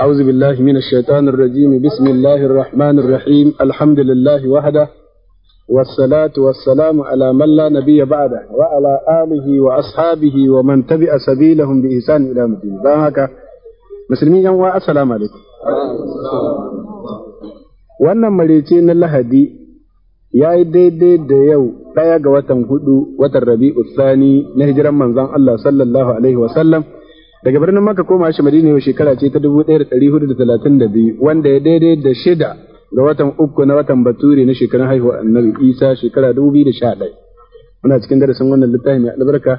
أعوذ بالله من الشيطان الرجيم بسم الله الرحمن الرحيم الحمد لله وحده والصلاة والسلام على من لا نبي بعده وعلى آله وأصحابه ومن تبع سبيلهم بإحسان إلى مدين باهك مسلمين ينوى السلام عليكم wannan marece na lahadi ya yi daidai da yau ɗaya ga watan hudu watan rabi'u tsani na hijiran manzon Allah sallallahu alaihi wasallam daga birnin Maka koma shi Madina yau shekara ce ta dubu ɗaya da da da talatin biyu, wanda ya daidai da shida ga watan uku na watan Bature na shekarun haihuwa Annabi Isa shekara dubu biyu da sha ɗaya. muna cikin darasin wannan littafi mai albarka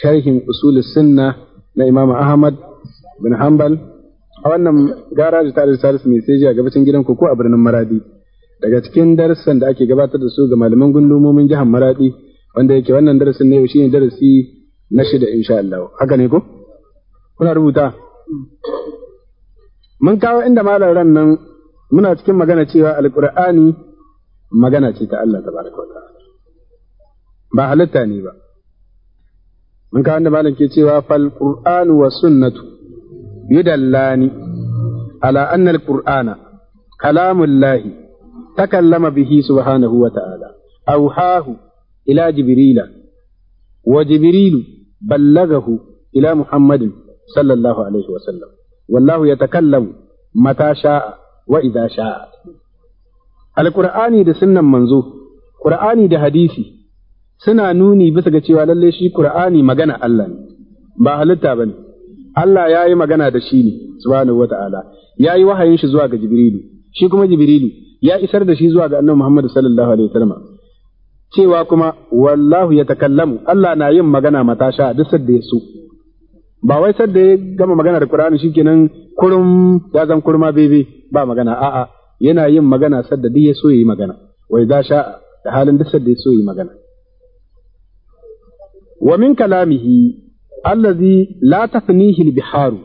sharhin usul sunna na Imam Ahmad bin Hanbal a wannan gara da tare da mai sai a gabacin gidan ko a birnin Maradi daga cikin darasin da ake gabatar da su ga malaman gundumomin jihar Maradi wanda yake wannan darasin ne ne darasi na shida insha Allah haka ne ko kuna rubuta mun kawo inda malar ran nan muna cikin magana cewa alqur'ani magana ce ta Allah tabaraka wa ta'ala ba halitta ne ba mun kawo inda malam ke cewa fal qur'anu wa sunnatu yudallani ala anna alqur'ana kalamullahi takallama bihi subhanahu wa ta'ala awhahu ila jibrila wa jibrilu ballagahu ila muhammadin sallallahu alaihi wa sallam wallahu yatakallamu mata sha'a wa idza sha'a alqur'ani da sunnan manzo qur'ani da hadisi suna nuni bisa ga cewa lalle shi qur'ani magana Allah ne ba halitta bane Allah ya yi magana da shi ne subhanahu ta'ala. ya yi wahayin shi zuwa ga jibrilu shi kuma jibrilu ya isar da shi zuwa ga annabi Muhammad sallallahu alaihi wa sallam. cewa kuma wallahu ya takallamu Allah na yin magana matasha duk sadda ya so ba wai sadda ya gama magana da Qur'ani shikenan kurum ya zan kurma bebe ba magana a'a yana yin magana sadda duk ya so yi magana wai za sha da halin duk sadda ya so yi magana wa min kalamihi allazi la tafnihi al-biharu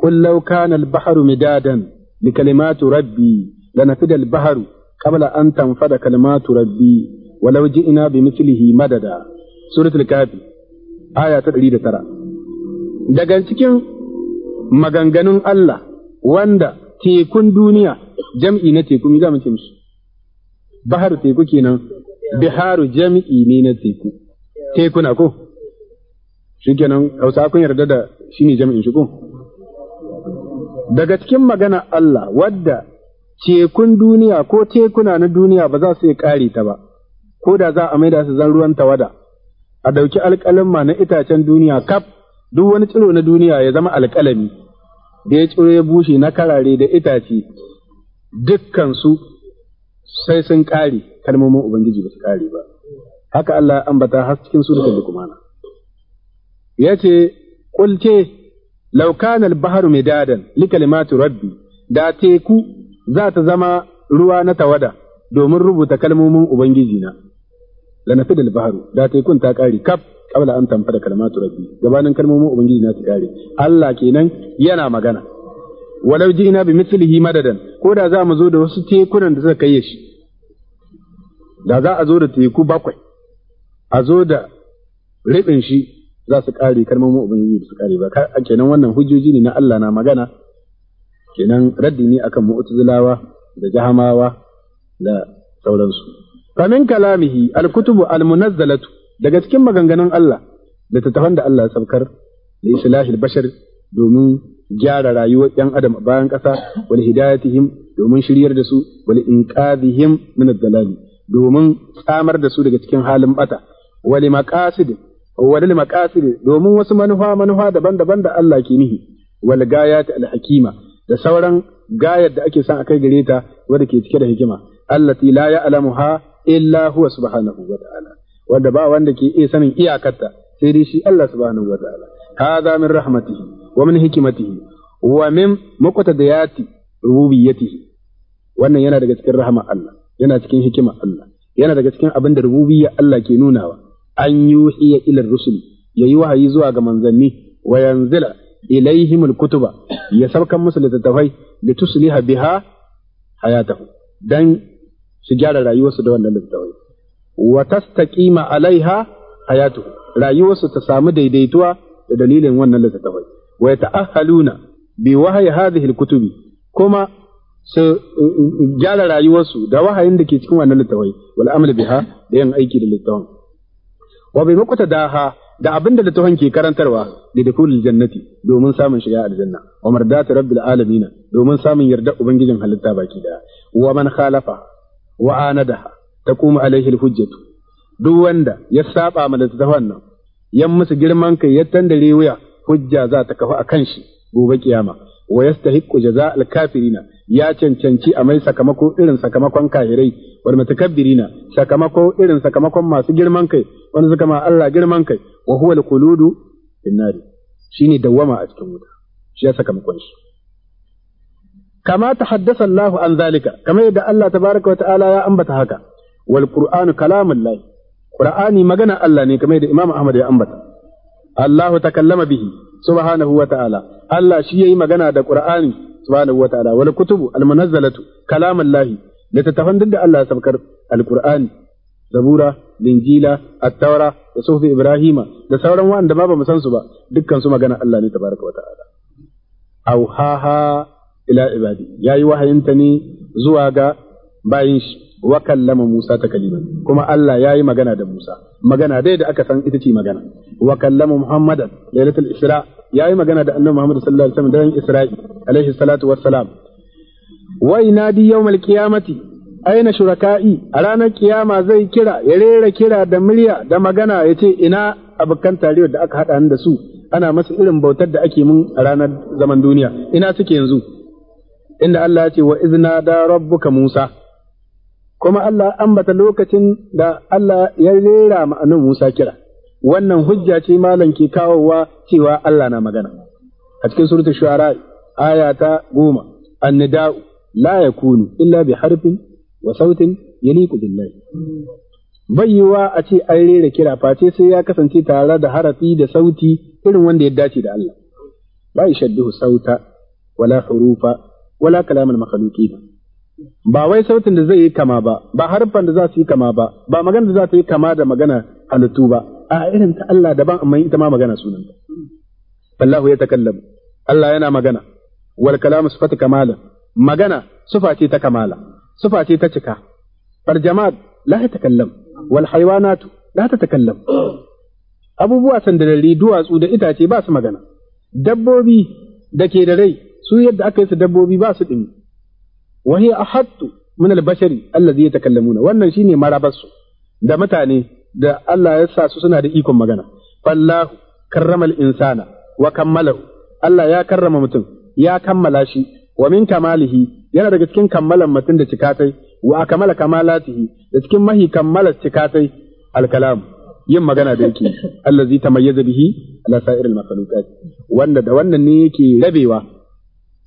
qul law kana al-bahru midadan li kalimati rabbi lanafida al-bahru qabla an tanfada kalimatu rabbi ولو جئنا بمثله مددا سورة الكافي آية 109 daga cikin maganganun Allah wanda tekun duniya jam'i na teku mi za mu ce musu, baharu teku kenan biharu jam'i ne na teku tekuna ko shikenan hausa kun yarda da shi ne jam'in shi ko daga cikin magana Allah wadda tekun duniya ko tekuna na duniya ba za su yi ƙari ta ba ko da za a maida su zan ruwan tawada a dauki alƙalin ma na itacen duniya kaf duk wani tsiro na duniya ya zama alƙalami da ya tsiro ya bushe na karare da itace dukkansu sai sun ƙare kalmomin Ubangiji ba su ƙare ba. Haka Allah ambata har cikin kuma na. Ya ce, Kulce, laukanal baharu dadan, li limatu rabbi, da teku za ta zama ruwa na tawada domin rubuta kalmomin Ubangiji na. da baharu, da tekun ta ƙare kaf qabla an tanfada kalmatu rabbi gabanin kalmomin ubangiji na su kare Allah kenan yana magana walau ji'na bi mislihi madadan ko da za mu zo da wasu tekunan da suka kai shi da za a zo da teku bakwai a zo da ribin shi za su kare kalmomin ubangiji su kare ba kenan wannan hujjoji ne na Allah na magana kenan raddi ne akan mu'tazilawa da jahamawa da sauransu famin kalamihi alkutubu almunazzalatu daga cikin maganganun Allah da tattafan da Allah ya sabkar da islahil bashar domin gyara rayuwar ‘yan adam a bayan ƙasa wani hidayatihim domin shiryar da su wani inqadhihim min dalali domin tsamar da su daga cikin halin bata Wani maqasid wal maqasid domin wasu manufa manufa daban-daban da Allah ke nihi wal gayat al hakima da sauran gayar da ake son akai gare ta wadda ke cike da hikima allati la ya'lamuha illa huwa subhanahu wa ta'ala wanda ba wanda ke iya sanin iyakarta sai dai shi Allah subhanahu wataala hadha min rahmatihi wa min hikmatihi wa min muqtadiyati rububiyyatihi wannan yana daga cikin rahama Allah yana cikin hikima Allah yana daga cikin abin da rububiyya Allah ke nunawa an yuhiya ila rusul yayi wahayi zuwa ga manzanni wa yanzila ilaihim alkutuba ya sabkan musu littattafai da tusliha biha hayatahu dan su gyara rayuwarsu da wannan littattafai wa tastaqima alaiha hayatu rayuwarsu ta samu daidaituwa da dalilin wannan littattafai wa yata'ahhaluna bi wahyi hadhihi kutubi kuma su mm, mm, mm, gyara rayuwarsu da wahayin da ke cikin wannan littattafai wal amal biha da yin aiki da littattafan wa bi muqtadaha da abin da littafin ke karantarwa da dukulul jannati domin samun shiga aljanna wa mardati rabbil alamin domin samun yarda ubangijin halitta baki da wa man khalafa wa anadaha Ta kuma alaihi hujjatu duk wanda ya saba ma da littafan nan yan musu girman kai ya tandare wuya hujja za ta kafa akan shi gobe kiyama wa yastahiqqu jaza kafirina ya cancanci a mai sakamako irin sakamakon kahirai wal mutakabbirina sakamako irin sakamakon masu girman kai wanda suka ma Allah girman kai wa huwa alquludu finnari shine dawama a cikin wuta shi ya sakamakon shi kama ta haddasa Allah an zalika kamar yadda Allah tabaraka wa ta'ala ya ambata haka wal qur'anu kalamullahi qur'ani magana Allah ne kamar da Imam Ahmad ya ambata Allah takallama bihi subhanahu wa ta'ala Allah shi ya yi magana da qur'ani subhanahu wa ta'ala wal kutubu al munazzalatu kalamullahi littattafan duk da Allah sabkar al qur'ani zabura linjila at-taura da sufi ibrahima da sauran wanda ba mu san su ba dukkan su magana Allah ne tabaraka wa ta'ala auhaha ila ibadi yayi wahayinta ne zuwa ga bayin shi wa kallama Musa takaliman kuma Allah yayi magana da Musa magana dai da aka san ita ce magana wa kallama Muhammadan lailatul Isra yayi magana da Annabi Muhammad sallallahu alaihi wasallam da Isra'i alaihi salatu wassalam wa inadi yawmal qiyamati aina shuraka'i a ranar kiyama zai kira ya rera kira da murya da magana ya ce ina abokan tariyar da aka haɗa da su ana masu irin bautar da ake mun a ranar zaman duniya ina suke yanzu inda Allah ya ce wa izna da rabbuka Musa kuma Allah ambata lokacin da Allah ya rera ma'anin Musa kira wannan hujja ce malam ke kawowa cewa Allah na magana a cikin suratul shu'ara aya ta goma annida'u la kunu? illa bi harfin wa sautin yaliqu billahi bayyuwa a ce an rera kira face sai ya kasance tare da harafi da sauti irin wanda ya dace da Allah ba yashaddihu sauta wala hurufa wala kalamul makhluqin ba wai sautin da zai yi kama ba ba harfan da za su yi kama ba ba magana da za ta yi kama da magana halittu ba a irin ta Allah daban amma ita ma magana sunanta Allahu ya takallam Allah yana magana wal kalamu sifatu kamala magana sufa ce ta kamala sufa ce ta cika fal jamad la takallam wal hayawanatu la takallam abubuwa sandarari duwatsu da itace ba su magana dabbobi da ke da rai su yadda aka yi su dabbobi ba su ɗumi wa hiya ahattu min al ta allazi yatakallamuna wannan shi shine marabarsu da mutane da Allah ya sa su suna da ikon magana fallahu karramal insana wa kammalahu Allah ya karrama mutum ya kammala shi wa min kamalihi yana daga cikin kammalan mutum da cikatai wa kamala kamalatihi da cikin mahi kammala cikatai al yin magana da yake Allah zai ta tamayyaza bihi ala sa'iril makhluqat wanda da wannan ne yake rabewa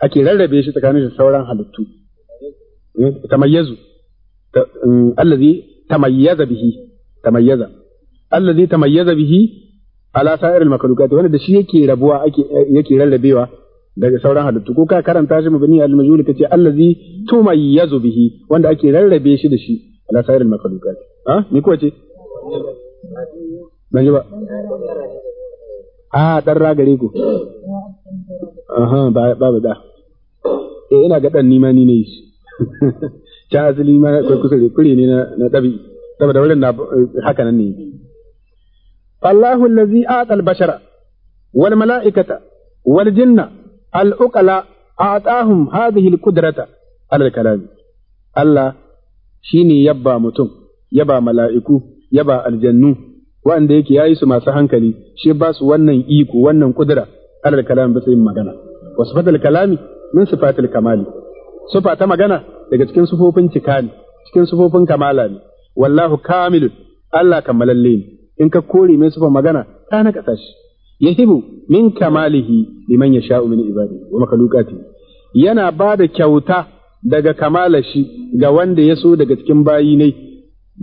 ake rarrabe shi tsakanin sauran halittu Eh, tamayyazu الذي mm, tamayyaza bihi تميز الذي tamayyaza bihi على سائر المخلوقات وانا wanda da shi yake رلبيوا eh, rarrabewa daga sauran halittu ko ka karanta shi mabani al-majhul kace allazi tumayyazu bihi wanda ake rarrabe shi da shi ala sa'ir al-makhluqat ha ni ko ce ban ji ba ah dan ragare ku aha ba ba da eh ina ga dan nima ni ne shi ta asali ma kusa da kure ne na ɗabi saboda wurin na eh, haka nan ne Allahu allazi a'ta al-bashara wal mala'ikata wal jinna al-uqala a'tahum hadhihi al-qudrata ala al-kalam Allah shine yabba mutum yaba mala'iku yaba aljannu wanda yake yayi su masu hankali shi ba su wannan iko wannan kudura ala al-kalam bisa yin magana Wasu kalami min sifatul kamali sufa ta magana daga cikin sufofin cika ne cikin sufofin kamala ne wallahu Kamilu Allah kammalalle ne in ka kore mai sufan magana ta na kasashe. shi yahibu min kamalihi liman ya sha'u min ibadi, wa makhluqati yana ba da kyauta daga kamala shi ga wanda ya so daga cikin bayi ne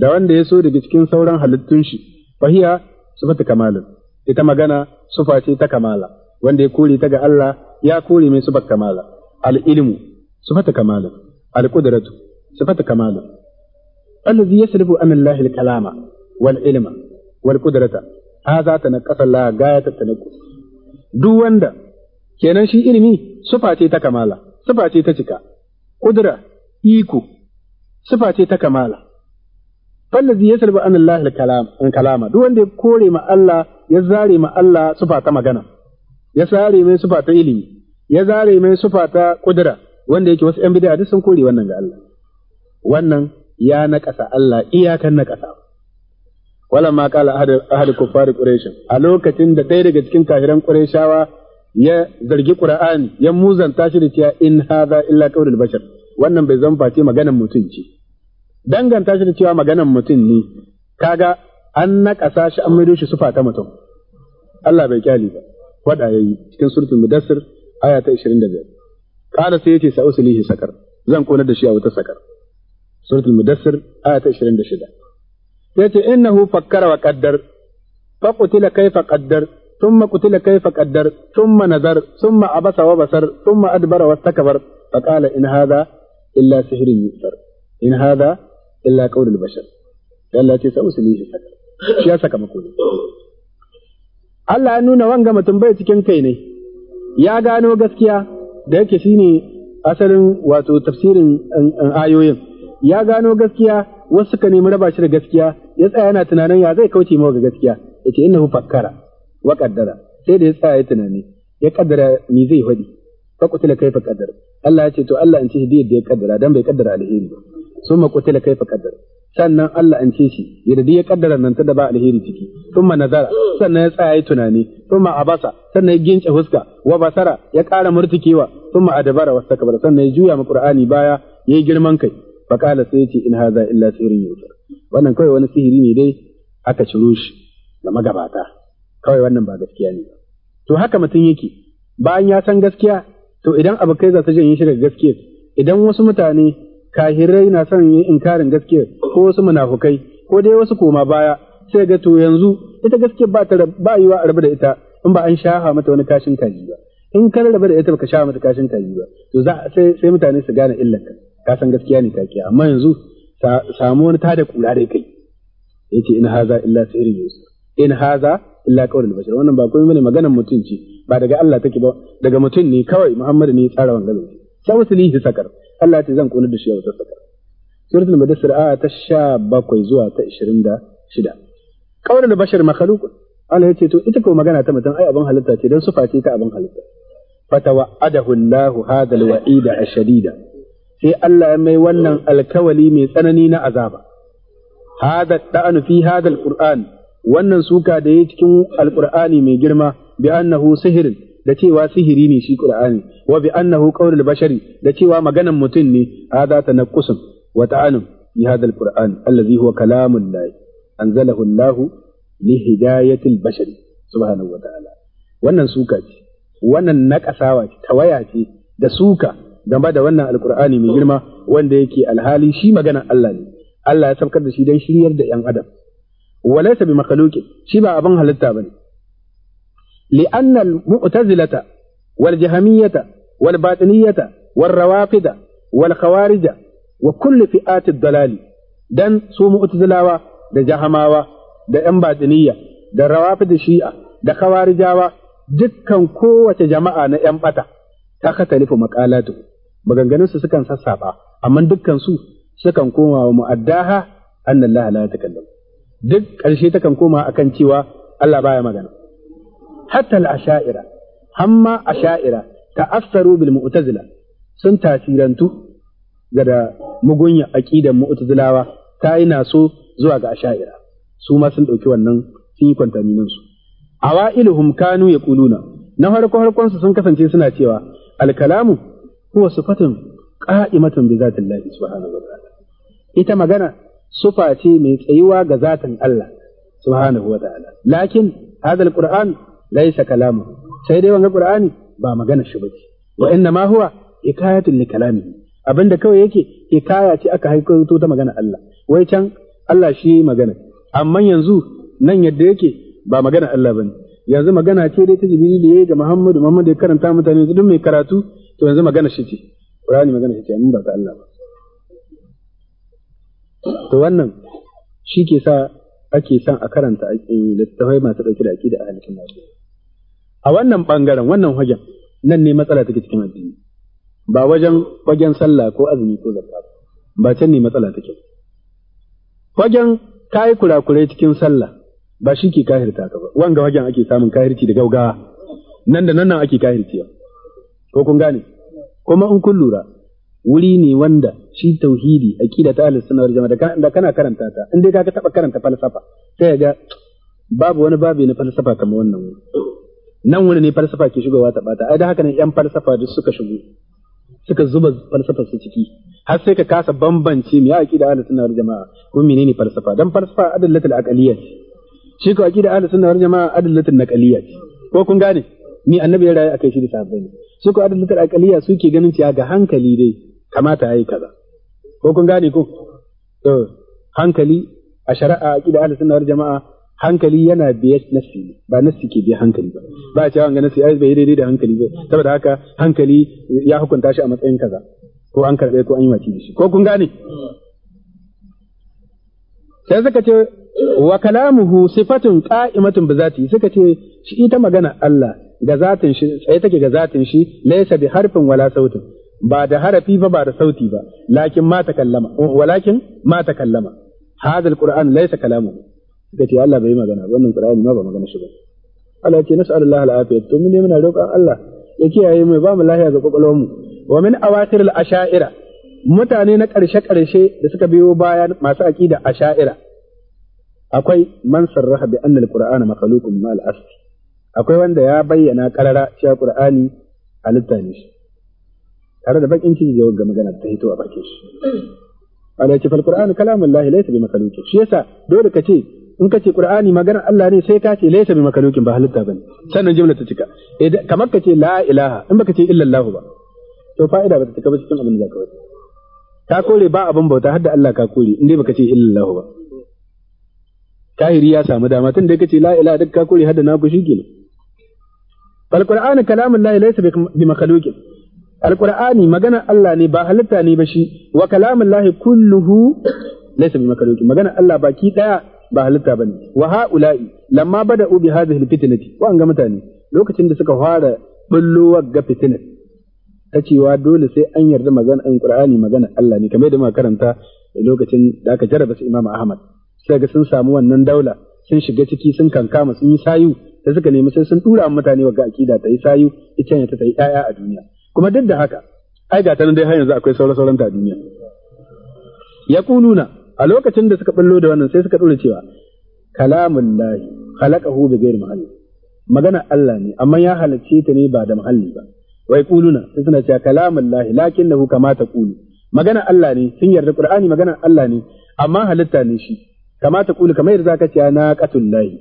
da wanda ya so daga cikin sauran halittun shi fahiya sufatu kamalin ita magana sufa ce ta kamala wanda ya kore ta ga Allah ya kore mai sufa kamala al ilmu صفة كماله القدرة صفة كماله الذي يسلب عن الله الكلام والعلم والقدرة هذا تنقص الله غاية التنقص duk wanda kenan shi ilimi sufa ce ta kamala sufa ce ta cika ƙudura iko sufa ce ta kamala fallazi ya salba anallah in kalama duk wanda ya kore ma Allah ya zare ma Allah sufa ta magana ya zare mai sufa ta ilimi ya zare mai sufa ta ƙudura wanda yake wasu 'yan a duk sun kore wannan ga Allah wannan ya naƙasa Allah iyakan naƙasa wala ma qala ahad kuffar quraish a lokacin da ɗaya daga cikin kafiran qurayshawa ya zargi qur'ani ya muzanta shi da cewa in hadha illa qawlul bashar wannan bai zan face maganan mutum ce danganta shi da cewa maganan mutum ne kaga an naƙasa shi an maido shi sufa ta mutum Allah bai kyali ba wada yayi cikin suratul mudassir aya ta 25 qala sai yace sa'uslihi sakar zan kona da shi a wata sakar suratul mudassir aya ta 26 yace innahu fakkara wa qaddar fa qutila kayfa qaddar ثم قتل كيف قدر ثم نذر ثم عبس وبصر ثم أدبر واستكبر فقال إن هذا إلا سحر يؤثر إن هذا إلا قول البشر Allah ce sa'u silihi saka shi ya saka mako ne Allah ya nuna wanga mutum bai cikin kai ne ya gano gaskiya da yake shine asalin wato tafsirin um, um, ayoyin ya gano gaskiya wasu suka nemi raba shi da gaskiya ya tsaya yana tunanin ya zai kauce mawa ga gaskiya ce innahu fakkara wa qaddara sai da ya tsaya ya tunani ya kaddara ni zai faɗi fa qutila kaifa qaddara Allah ya ce to Allah in ce shi da ya kaddara dan bai kaddara alheri ba summa qutila kaifa qaddara sannan Allah an ce shi yadda ya kaddara nan ta da ba alheri ciki sun ma nazara sannan ya tsaya ya tunani thumma abasa sannan ya gince huska wa basara ya ƙara murtukewa thumma adabara wastakbara sannan ya juya ma qur'ani baya yayi girman kai faqala sai yace in hadha illa ya wuce. wannan kawai wani sihiri ne dai aka ciro shi da magabata kawai wannan ba gaskiya ne to haka mutum yake bayan ya san gaskiya to idan abokai za su janye shi daga gaskiya idan wasu mutane kahirai na son yin inkarin gaskiya ko wasu munafukai ko dai wasu koma baya sai ga to yanzu ita gaske ba ta ba yiwa a rabu da ita in ba an shaha mata wani kashin kaji ba in ka rabu da ita baka sha mata kashin kaji ba to za sai sai mutane su gane illar ka ka san gaskiya ne kake amma yanzu samu wani tada kula da kai yace in haza illa sirri yusuf in haza illa qaulul bashar wannan ba komai bane maganar mutum ce ba daga Allah take ba daga mutum ne kawai Muhammadu ne ya tsara wannan zance sai wasu lihi sakar Allah ce zan kunu da shi a wata sakar suratul mudassir aya ta 17 zuwa ta 26 Ƙaunar bashar makhluk Allah yace to ita ko magana ta mutum ai abin halitta ce don su face ta abin halitta. Fatawa'adahu Allahu hadal wa'ida ashadida. Sai Allah ya mai wannan alkawali mai tsanani na azaba. Hada da'anu fi hadal Qur'an wannan suka da yake cikin alqur'ani mai girma bi annahu sihirin da cewa sihiri ne shi Qur'ani wa bi annahu qawlul bashari da cewa maganan mutum ne hada tanaqqusun wa ta'anum fi hadal Qur'an allazi huwa kalamun lahi anzalahu Allah li hidayatil bashari subhanahu wa ta'ala wannan suka ce wannan nakasawa ce tawaya ce da suka game da wannan alkur'ani mai girma wanda yake alhali shi maganar Allah ne Allah ya sabkar da shi don shiryar da ‘yan adam walaysa bi makhluqin shi ba abin halitta bane li'anna al-mu'tazilata wal jahmiyata wal batiniyata wal rawafida wal khawarija wa kullu fi'ati ad-dalali dan su mu'tazilawa da jahamawa da ‘yan batiniya da rawafi da shi'a da kawarijawa dukkan kowace jama'a na ‘yan bata ta katalifu maƙalatu maganganunsu sukan sassaɓa amma dukkan su sukan koma wa mu'addaha annan laha la takallam duk ƙarshe takan koma akan cewa Allah baya magana hatta al-asha'ira hamma asha'ira ta'assaru bil mu'tazila sun tasirantu ga da mugunya aqidan mu'tazilawa ta yi naso zuwa ga asha'ira su ma sun ɗauki wannan sun yi kwantaminin su awailuhum kanu yaquluna na farko harkon su sun kasance suna cewa alkalamu huwa sifatun qa'imatun bi zatillahi subhanahu wa ta'ala ita magana sufa ce mai tsayuwa ga zatin Allah subhanahu wa ta'ala lakin hadha alquran laysa kalamu sai dai wannan qur'ani ba magana shi bace wa inna ma huwa ikayatun li kalamihi abinda kawai yake hikaya ce aka haikato ta magana Allah wai can Allah shi magana amma yanzu nan yadda yake ba magana Allah bane yanzu magana ce dai ta ya yi ga Muhammadu Muhammadu ya karanta mutane yanzu duk mai karatu to yanzu magana shi ce Qur'ani magana shi ce amma ba ta Allah ba to wannan shi ke sa ake son a karanta eh, littattafai masu ɗauke da aƙida a halittun A wannan ɓangaren wannan wajen nan ne matsala take cikin addini ba wajen wajen sallah ko azumi ko zakka ba can ne matsala take. wajen yi kurakurai cikin sallah ba shi ke kahirta ka ba wanga wajen ake samun kahirci da gaugawa nan da nan nan ake kahirciwa ko kun gane kuma in kun lura wuri ne wanda shi tauhidi aqida ta ahlus sunna wal jama'a da kana karanta ta in dai ka taba karanta falsafa sai ga babu wani babu na falsafa kamar wannan wuri nan wani ne falsafa ke shigowa ta bata ai da haka ne yan falsafa duk suka shigo suka zuba falsafa su ciki har sai ka kasa bambance me ya aqida ahlus sunna wal jamaa ko menene falsafa dan falsafa adallatul aqliyya ce shi ko aqida ahlus sunna wal jamaa adallatul naqliyya ce ko kun gane ni annabi ya rayu akai shi da sahabbai ne su ko adallatul aqliyya suke ganin cewa ga hankali dai kamata yayi kaza ko kun gane ko to hankali a shari'a aqida ahlus sunna wal jamaa hankali yana biye nassi ne ba nassi ke biye hankali ba ba cewa ga nassi ai bai daidai da hankali ba saboda haka hankali ya hukunta shi a matsayin kaza ko an karɓe ko an yi mace da shi ko kun gane sai suka ce wa kalamuhu sifatun qa'imatun bi zati suka ce shi ita magana Allah ga zatin shi tsaye take ga zatin shi laysa bi harfin wala sautin ba da harafi ba ba da sauti ba lakin ma takallama walakin ma takallama hadha alquran laysa kalamuhu suka ce Allah bai magana wannan qur'ani ma ba magana shi ba Allah ya ce nas'alullahi al'afiyah to mun ne muna roƙon Allah ya kiyaye mu ba mu lafiya ga mu. wa min awakhir al-asha'ira mutane na ƙarshe-ƙarshe da suka biyo bayan masu aqida asha'ira akwai man sarraha bi anna al-qur'ana makhluqun ma al-asl akwai wanda ya bayyana karara cewa qur'ani halitta ne shi tare da bakin ciki ga magana ta hito a bakin shi Allah ya ce fal kalamun kalamullahi laysa bi makhluqin shi yasa dole ka ce in ka ce qur'ani maganar Allah ne sai ka ce laysa bi makhluqin ba halitta bane sannan jimla ta cika kamar ka ce la ilaha in baka ce illallahu ba to fa'ida ba ta cika ba cikin abin da zaka wata ka kore ba abin bauta har da Allah ka kore in dai baka ce illallahu ba kahiri ya samu dama tun da kace la ilaha duk ka kore har da naku shikenan bal qur'anu kalamullahi laysa bi makhluqin alqur'ani magana Allah ne ba halitta ne ba shi wa kalamullahi kulluhu laysa bi makhluqin magana Allah baki daya ba halitta bane wa haula'i lamma bada'u bi hadhihi alfitnati wa an ga mutane lokacin da suka fara bullo ga fitnati ta cewa dole sai an yarda magana in Qur'ani magana Allah ne kamar da muka karanta lokacin da aka jarraba su Imam Ahmad sai ga sun samu wannan daula sun shiga ciki sun kankama sun yi sayu da suka nemi sai sun dura mutane wa ga akida ta yi sayu ita ne ta yi ƴaƴa a duniya kuma duk da haka ai ga tanan dai har yanzu akwai sauran sauran ta duniya kununa a lokacin da suka ballo da wannan sai suka dora cewa kalamun lahi khalaqahu bi ghairi mahalli magana Allah ne amma ya halarce ta ne ba da mahalli ba wai kuluna sai suna cewa kalamun lahi lakinnahu kama ta kulu magana Allah ne sun yarda Qur'ani magana Allah ne amma halitta ne shi kama ta kulu kamar yadda zaka ce na qatul lahi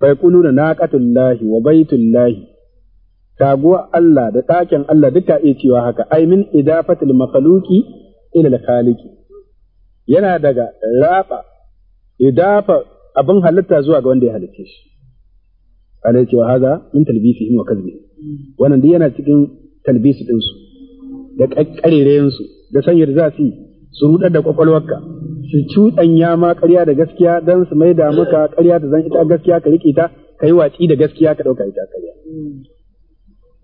wai kuluna na lahi wa baitul lahi taguwa Allah da ɗakin Allah duka iya cewa haka ai min idafatul makhluqi ila al-khaliqi yana daga raba idafa abin halitta zuwa ga wanda ya halicce shi alaihi wa haza min talbisihim wa kazbihim wannan duk yana cikin talbisu ɗinsu da ƙarerayensu da sanya da za su yi su rudar da kwakwalwarka su cuɗanya ma ƙarya da gaskiya don su mai da maka ƙarya ta zan ita gaskiya ka riƙe ta ka yi watsi da gaskiya ka ɗauka ita ƙarya.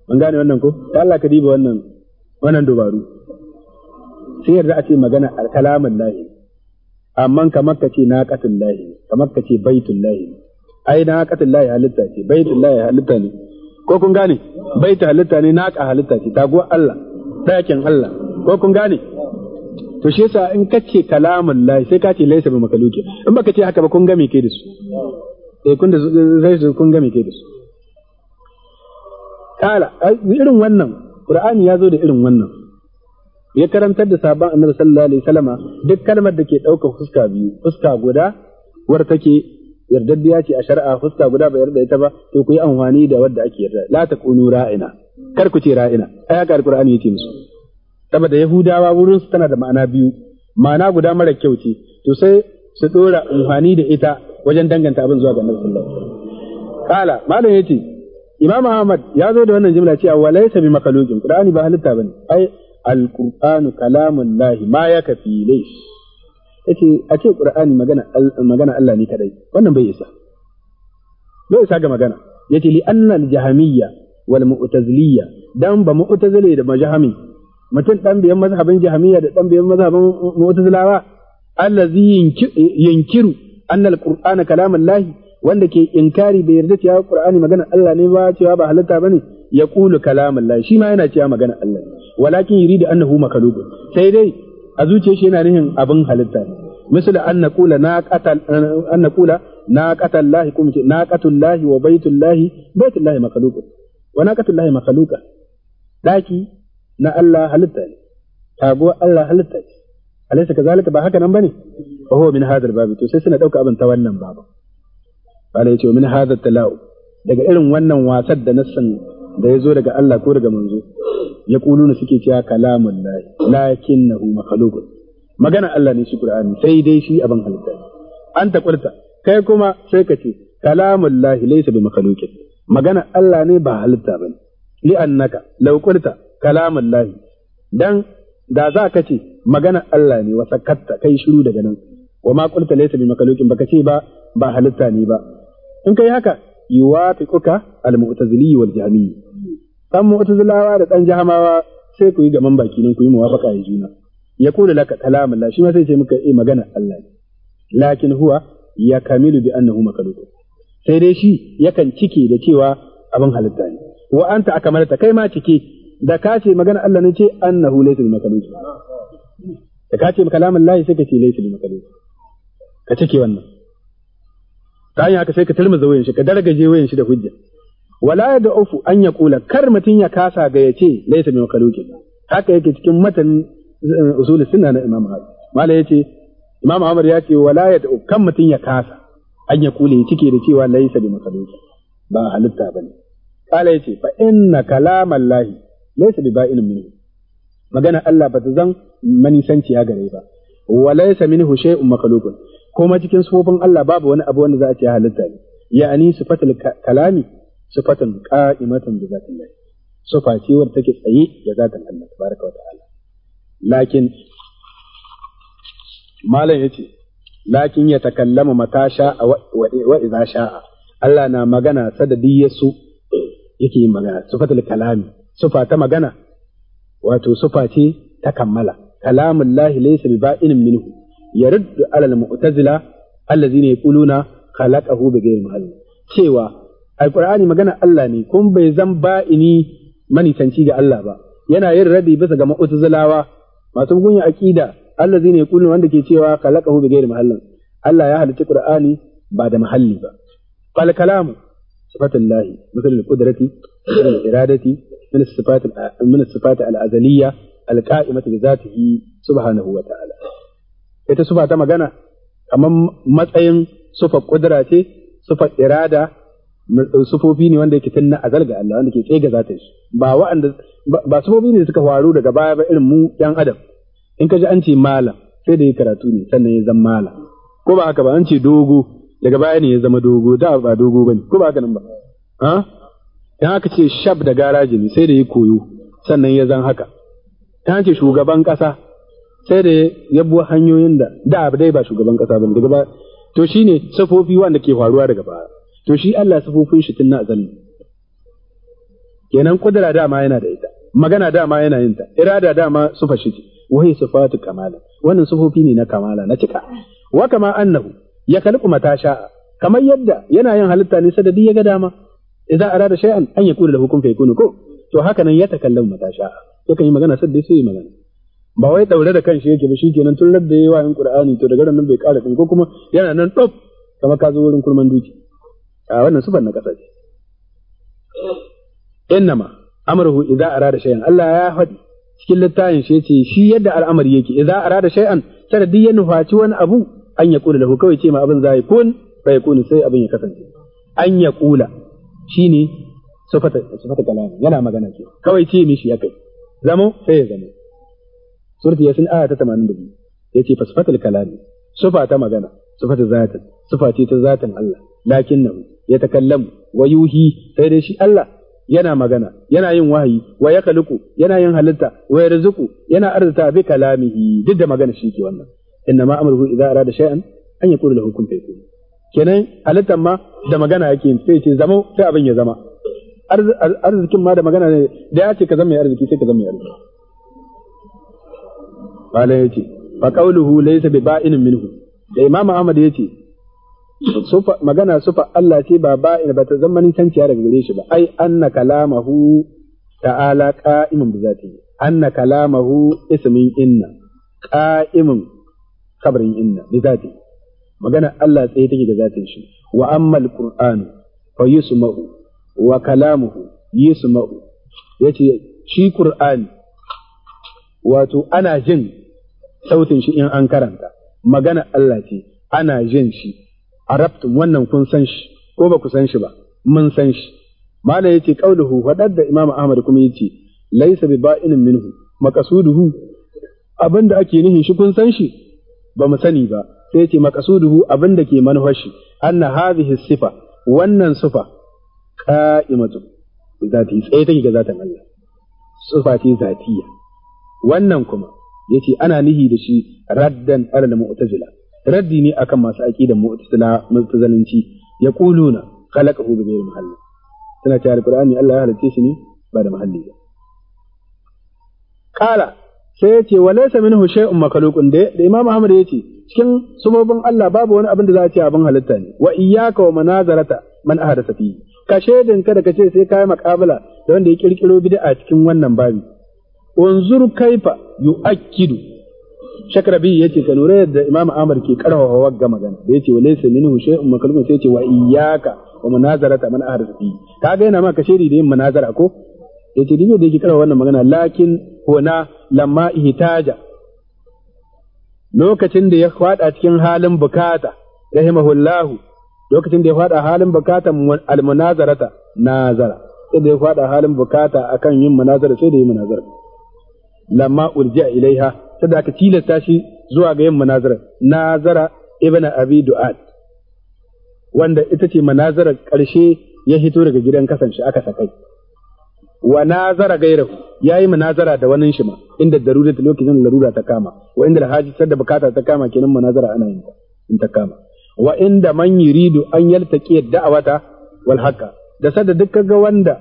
Mun gane wannan ko? Ta Allah ka diba wannan wannan dubaru. Sai yarda a ce magana a lahi. Amma kamar ka ce na ƙatin lahi, kamar ka ce baitun lahi. Ai na ƙatin lahi halitta ce, baitun lahi halitta ne. ko kun gane Bai ta halitta ne ka halitta ce taguwar Allah ɗakin Allah ko kun gane to shi yasa in kace kalamun lahi sai ka ce laisa bi makaluki in baka ce haka ba kun game ke da su eh kun da zai kun game ke da su kala irin wannan qur'ani ya zo da irin wannan ya karantar da sabon annabi sallallahu alaihi wasallama duk kalmar da ke ɗaukar fuska biyu fuska guda war take yardaddiya ce a shari'a fuska guda bai yarda ita ba to ku yi amfani da wadda ake yarda la kunu ra'ina kar ku ce ra'ina ai haka alqur'ani yake musu saboda yahudawa wurin su tana da ma'ana biyu ma'ana guda mara kyau ce to sai su dora amfani da ita wajen danganta abin zuwa ga annabi kala malam yace imam ahmad ya zo da wannan jimla cewa walaysa bi makalukin qur'ani ba halitta bane ai alqur'anu kalamullahi ma yakafi laysa yace a ce qur'ani magana magana Allah ne kadai wannan bai isa bai isa ga magana yace li anna al-jahmiyya wal mu'taziliyya dan ba mu'tazili da majhami mutum dan biyan mazhabin jahmiyya da dan biyan mazhabin mu'tazilawa allazi yankiru anna al-qur'ana lahi. wanda ke inkari bai yarda cewa Qur'ani magana Allah ne ba cewa ba halitta bane ya kulu lahi. shi ma yana cewa magana Allah ne walakin yuridu annahu makalub sai dai a zuciyar shi yana nihin abin halitta ne misali an naqula naqatal an naqula naqatal lahi kuma ce naqatul lahi wa baitul lahi baitul lahi makhluq wa naqatul lahi makhluqa daki na Allah halitta ne taguwa Allah halitta ce alaysa kazalika ba haka nan bane fa huwa min hadal babi to sai suna dauka abin ta wannan babu bala yace min hadal talau daga irin wannan wasar da nassan da ya zo daga Allah ko daga manzo ya kununa suke cewa kalamun lahi lakin na hu makhalukun magana Allah ne shi Qur'ani sai dai shi abin halitta an taƙwarta, kai kuma sai ka ce kalamun lahi laysa bi makhlukin magana Allah ne ba halitta bane li annaka law qulta kalamun lahi dan da za ka ce magana Allah ne wa sakatta kai shiru daga nan wa ma qulta laysa bi makhlukin baka ce ba ba halitta ne ba in kai haka yuwafiquka al-mu'tazili wal jahmiyyi dan mu'tazilawa da ɗan jahamawa sai ku yi gaman baki nan ku yi muwafaqa ya juna ya kula laka kalamun la shi ma sai ce muka yi eh, magana Allah ne lakin huwa ya kamilu bi annahu makhluq sai dai shi yakan cike da cewa abin halitta ne wa anta akamalta kai ma cike da ka ce magana Allah ne ce annahu laysa bi makhluq da ka ce kalamun lahi sai ka ce laysa bi makhluq ka cike wannan ta haka sai ka tilmaza wayan shi ka dargaje wayan shi da hujja wala da ufu an ya kula kar mutum ya kasa ga ya ce laisa mai makaluki haka yake cikin matan eh, usul sunna na imam ahmad mala yace imam ahmad ya ce wala ya da'u kan mutum ya kasa an ya kula ya cike da cewa laisa bi makaluki ba halitta bane kala yace fa inna kalamallahi laisa bi ba'in minhu magana Allah ba ta zan manisanci ya gare ba wa laysa minhu shay'un makalukun kuma cikin sufofin Allah babu wani abu wanda za a ce halitta ne ya'ani sifatul kalami sifatan qa'imatan bi zatin Allah sifa ce wadda take tsaye da zatin Allah tabaraka wa ta'ala lakin malam yace lakin ya takallama mata sha'a wa idza sha'a Allah na magana sadadi yasu yake yin magana sifatul kalami sifa ta magana wato sifa ce ta kammala kalamun lahi laysa bi ba'inin minhu yaruddu ala al-mu'tazila allazina yaquluna khalaqahu bi ghayri mahalli cewa alkur'ani magana Allah ne kun bai zan ba'ini manitanci ga Allah ba yana yin rabi bisa ga mu'tazilawa masu gunya aqida allazina yaqulun wanda ke cewa khalaqahu bi ghairi mahallin Allah ya halicci qur'ani ba da mahalli ba qal kalamu sifatullahi misal qudrati misal iradati min sifat min sifat al-azaliyya al-qa'imati bi zatihi subhanahu wa ta'ala ita sufa ta magana kamar matsayin sufa kudura ce sufa irada sufofi ne wanda yake tunna a azal ga Allah wanda ke tsega za ta yi. ba wa'anda ba sufofi ne suka faru daga baya ba irin mu yan adam in ka ji an ce malam sai da ya karatu ne sannan ya zama malam ko ba haka ba an ce dogo daga baya ne ya zama dogo da ba dogo bane ko ba haka nan ba ha in haka ce shab da garaji ne sai da ya koyo sannan ya zan haka ta ce shugaban kasa sai da ya buwa hanyoyin da da dai ba shugaban kasa bane daga baya to shine sufofi wanda ke faruwa daga baya to shi Allah sufufin shi tun na zanni kenan kudura dama yana da ita magana dama yana yin ta irada dama sufa shi wahi sifatu kamala wannan sufofi ne na kamala na cika wa kama annahu ya kalqu mata sha'a kamar yadda yana yin halitta ne sadadi ya ga dama idan arada shay'an an yakuna hukum fai fayakunu ko to haka nan ya takallamu mata sha'a kan yi magana sai sai yi magana ba wai daure da kanshi yake ba shikenan tun da yayi wayin qur'ani to daga nan bai ƙara ko kuma yana nan dof kamar ka zo wurin kurman duki a wannan sufan na ƙasa ce innama amruhu idza arada shay'an Allah ya faɗi cikin littafin shi yace shi yadda al'amari yake idza arada shay'an kada duk ya nufaci wani abu an ya kula lahu kawai ce ma abin zai kun bai kun sai abin ya kasance an ya kula shine sufata sufata kalama yana magana ke kawai ce mishi ya kai zamo sai ya zamo surat yasin aya ta 82 yace fasfatul kalami sufa ta magana sufa ta sufati sufa ce ta zatan Allah ya takallam wa yuhi sai dai shi Allah yana magana yana yin wahayi wa ya kaluku yana yin halitta wa ya rizuku yana arzuta bi kalamihi duk da magana shi ke wannan inna ma amruhu idza arada shay'an an yaqulu lahu kun fayakun kenan halittan ma da magana yake yin sai ce zama sai abin ya zama arzikin ma da magana ne da ya ce ka zama mai arziki sai ka zama mai arziki malam yace fa qawluhu laysa bi ba'in minhu da imam ahmad yace sufa magana sufa Allah ce ba ba ba ta zama nisanciya daga gare shi ba ai anna kalamahu ta'ala qa'imun bi zati anna kalamahu ismin inna qa'imun kabrin inna bi zati magana Allah tsaye take da zatin shi wa amma alquran fa yusma'u wa kalamuhu yusma'u yace shi qur'an wato ana jin sautin shi in an karanta magana Allah ce ana jin shi arabtum wannan kun san shi ko ba ku san shi ba mun san shi malam yake kauluhu fadar da imamu ahmad kuma yace laysa bi ba'inin minhu maqasuduhu abinda ake nihin shi kun san shi ba mu sani ba sai yace maqasuduhu abinda ke manufar shi anna hadhihi sifa wannan sufa qa'imatu zati sai take ga zatan Allah sufa ce zatiya wannan kuma yace ana nihi da shi raddan alal mu'tazila raddi ne akan masu aqidar mu'tazila ya kuluna khalaqahu bi ghairi mahalli suna cewa alqur'ani Allah ya halice shi ne ba da mahalli ba kala sai ya ce walaysa minhu shay'un makhluqun da da Imam Ahmad ya ce cikin sumobin Allah babu wani abin da za a ce abin halitta ne wa iyyaka wa manazarata man ahadatha fi ka da da ce sai kai makabala da wanda ya kirkiro bid'a cikin wannan babi wanzur kaifa yu'akkidu shakrabi yace ka lura yadda imam amar ke karfafa wagga magana da yace walaysa minhu shay'un makalbun sai yace wa iyyaka wa munazarata man ahrasi kaga yana ma kashiri da yin munazara ko yace dibe da yake karfafa wannan magana lakin huna lamma ihtaja lokacin da ya fada cikin halin bukata rahimahullahu lokacin da ya fada halin bukata munazarata nazara sai da ya fada halin bukata akan yin munazara sai da yin munazara lamma urja ilaiha saboda aka tilasta shi zuwa ga yin munazara nazara ibn abi du'ad wanda ita ce manazara ƙarshe ya hito daga gidan kasan shi aka sakai wa nazara gairahu yayi munazara da wani shi ma inda darura ta lokacin larura ta kama wa inda haji sadda bukata ta kama kenan munazara ana yin in ta kama wa inda man yuridu an yaltaqi da'awata wal haqa da sadda duk ga wanda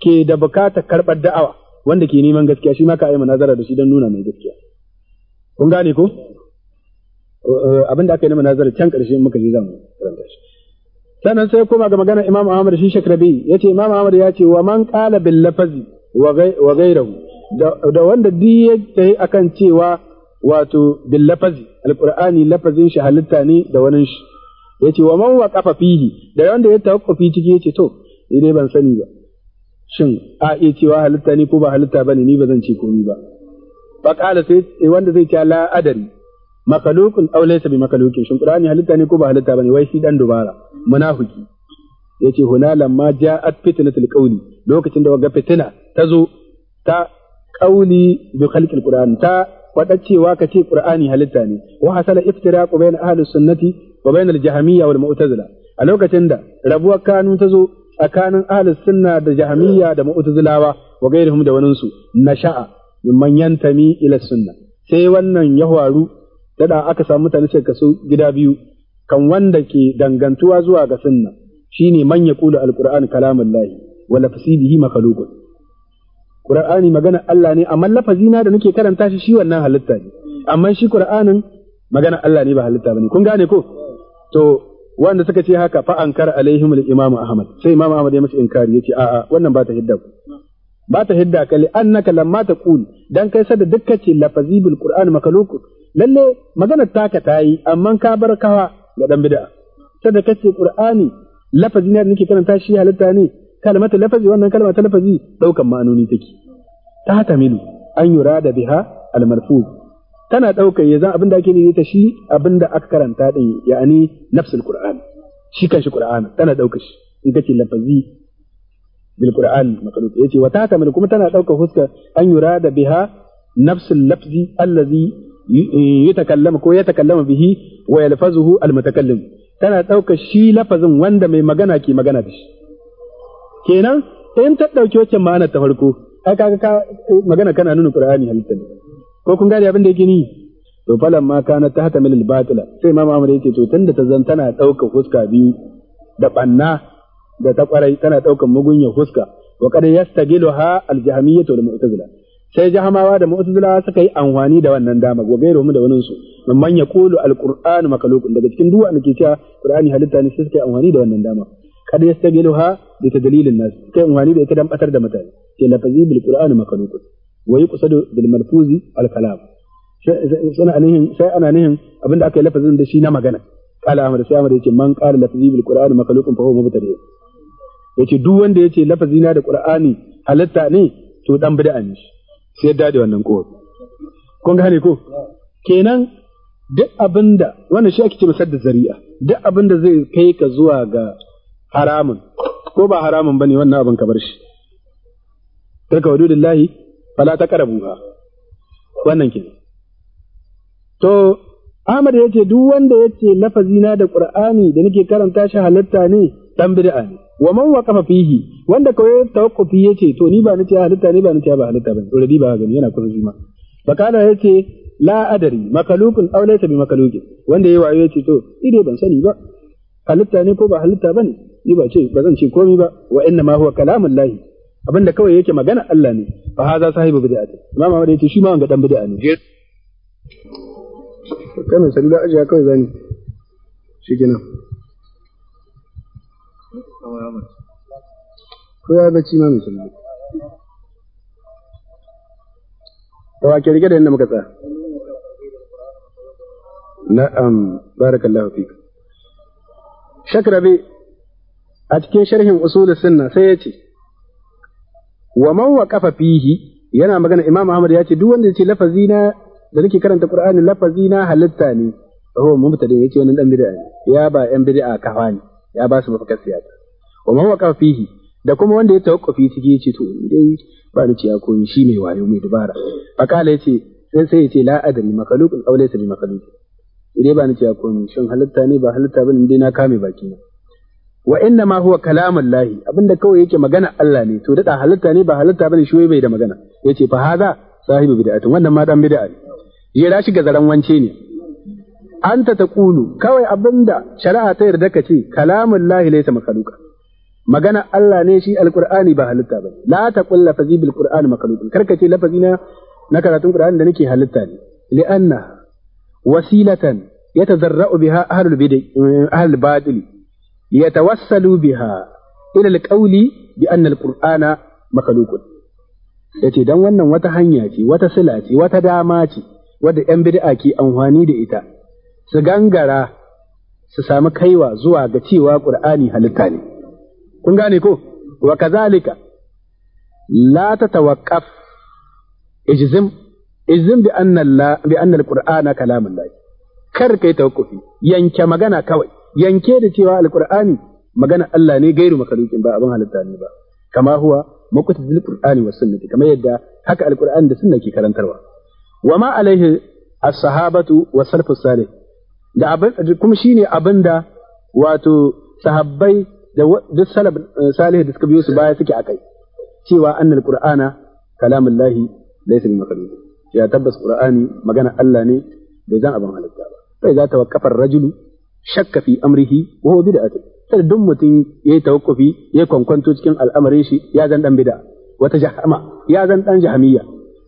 ke da bukatar karɓar da'awa wanda ke neman gaskiya shi ma ka yi munazara da shi don nuna mai gaskiya kun gane ko eh, abin da aka yi na manazar can ƙarshe muka je zan karanta shi sannan sai koma ga magana Imam Ahmad shi Shakrabi yace Imam Ahmad ya ce wa man ƙala bil lafazi wa ghayrahu da wanda duk ya yi akan cewa wato bil lafazi alqur'ani lafazin shi halitta ne da wani shi yace wa man kafa fihi da wanda ya tawaffafi ciki ce to ni dai ban sani ba shin a iya cewa halitta ne ko ba halitta ba ne? ni ba zan ce komai ba fa qala sai wanda zai ce la adari makalukun aw laysa bi makalukin shin qur'ani halitta ne ko ba halitta bane wai shi dan dubara munafiki yace huna lamma ja'at fitnatul qawli lokacin da waga fitina ta zo ta qawli bi khalqil qur'an ta wada cewa ka ce qur'ani halitta ne wa hasala iftiraqu bayna ahli sunnati wa bayna al-jahmiyya wal mu'tazila a lokacin da rabuwar kanu ta zo tsakanin ahli sunna da jahmiyya da mu'tazilawa wa gairihum da waninsu nasha'a man yantami ila sunna sai wannan ya faru da aka samu mutane sai kaso gida biyu kan wanda ke dangantuwa zuwa ga sunna shine man yaqulu alquran kalamullahi wa lafsihi makhluqun qur'ani magana Allah ne amma lafazi na da nake karanta shi shi wannan halitta ne amma shi qur'anin magana Allah ne ba halitta bane kun gane ko to wanda suka ce haka fa ankar alaihim al ahmad sai imam ahmad ya masa inkari yace a'a wannan ba ta hidda ku ba ta hidda ka li annaka lamma taqul dan kai sada dukkan ce lafazi bil qur'an makaluk lalle maganar taka tayi amma ka bar kawa ga dan bid'a sada kace qur'ani lafazi ne da nake karanta shi halitta ne kalmata lafazi wannan kalma ta lafazi daukan ma'anoni take ta tamilu an da biha al marfuz tana daukar ya zan abinda ake nufi ta shi abinda aka karanta din ya'ani nafsul qur'an shi kan shi qur'an tana daukar shi in kace lafazi bil qur'an makhluq yace wa ta'tamil kuma tana dauka huska an yurada biha nafsul lafzi allazi eh, yutakallama ko yatakallama bihi wa yalfazuhu al tana dauka shi lafazin wanda mai magana ke magana da shi kenan in ta dauki wacce ma'ana ta farko ai kaga ka eh, magana kana nuna qur'ani halitta ko kun gane abin da yake ni to falan ma kana ta hata milil batila sai imam amr yake to tunda Tazan tana ɗauka fuska biyu da banna da ta kwarai tana daukan mugunyar fuska wa kada kad yastagiluha al-jahmiyyah wal mu'tazila sai jahamawa da mu'tazila suka yi amfani da wannan dama wa gairu da wani su man yaqulu al-qur'anu makhluqun daga cikin duwa ke cewa qur'ani halitta ne sai suka yi amfani da wannan dama kada ya kad yastagiluha bi tadlilin nas suka yi amfani da ita dan batar da mutane ke lafazi bil qur'ani makhluqun wa yuqsadu bil malfuzi al-kalam sai ana nihin abinda aka yi lafazin da shi na magana قال أحمد سيامر يقول من قال لفظي بالقرآن مخلوق فهو مبتدئ yace duk wanda yace lafazi na da qur'ani halatta ne to dan bid'a ne sai ya dade wannan Ko kun gane ko kenan duk abinda wannan shi ake ce masa da zari'a duk abinda zai kai ka zuwa ga haramun ko ba haramun bane wannan abin ka bar shi daga wadudillahi fala taqrabuha wannan kenan to Ahmad ya ce duk wanda ya ce lafazina da Qur'ani da nake karanta shi halatta ne dan bid'a ne wa man waqafa fihi wanda kawai tawakkufi yace to ni ba nace halitta ne ba nace ba halitta bane already ba gani yana kusa jima bakala yace la adari makalukun aw laysa bi makaluki wanda yayi wayo yace to ide ban sani ba halitta ne ko ba halitta bane ni ba ce ba zan ce komai ba wa inna ma huwa kalamul lahi abinda kawai yake magana Allah ne fa haza sahibu bid'ati imam Ahmad yace shi ma wanga dan bid'a ne kamar mai sallah ajiya kawai zani shi kenan ko ya bacci ma mutum ne wa ke rike da inda muka tsaya na'am barakallahu fik shakrabi a cikin sharhin usul sunna sai ya ce wa man waqafa fihi yana magana imam ahmad ya ce duk wanda ya ce lafazi na da nake karanta qur'ani lafazi na halitta ne mun huwa ya ce wannan dan bid'a ne ya ba yan bid'a kafa ne ya ba su mafakar siyasa wa man waqa fihi da kuma wanda ya tawakkafi ciki yace to dai ba ni ciya koyi shi mai wayo mai dubara kala yace sai sai yace la adri makhluqun aw laysa bi makhluq dai ba ni ciya koyi shin halitta ne ba halitta bane dai na kame baki na wa inna ma huwa kalamun lahi abinda kawai yake magana Allah ne to dada halitta ne ba halitta bane shi bai da magana yace fa hadha sahibi bid'atin wannan ma dan bid'a ne jera rashi ga zaran wance ne anta taqulu kawai abinda shari'a ta yarda ka ce kalamun lahi laysa makhluqa magana Allah ne shi alqur'ani ba halitta ba la taqul lafazi bil qur'ani makhluqun karka ce lafazi na na karatun qur'ani da nake halitta ne anna wasilatan yatazarra'u biha ahlul bid'i ahlul batil yatawassalu biha ila alqawli bi anna alqur'ana makhluqun yace dan wannan wata hanya ce wata sila ce wata dama ce wadda yan bid'a ke amfani da ita su gangara su sami kaiwa zuwa ga cewa qur'ani halitta ne kun gane ko wa kazalika la tatawaqqaf ijzim ijzim bi anna la bi anna alqur'ana kalamullah kar kai tawakkufi yanke magana kawai yanke da cewa alqur'ani magana Allah ne gairu makalukin ba abin halitta ne ba kama huwa muqtadil alqur'ani was sunnati kamar yadda haka alqur'ani da sunna ke karantarwa wa ma alaihi as-sahabatu was salafus salih da abin kuma shine abinda wato sahabbai da duk salaf eh, salih da suka biyo su baya suke akai cewa annal qur'ana kalamullahi laysa bi makhluq ya tabbas qur'ani magana Allah ne bai zan abin halitta ba sai za tawakkafa rajulu shakka fi amrihi wa huwa bid'atu sai duk mutum yayi tawakkufi yayi kwankwanto cikin al'amarin shi ya zan dan bid'a wata jahama ya zan dan jahamiyya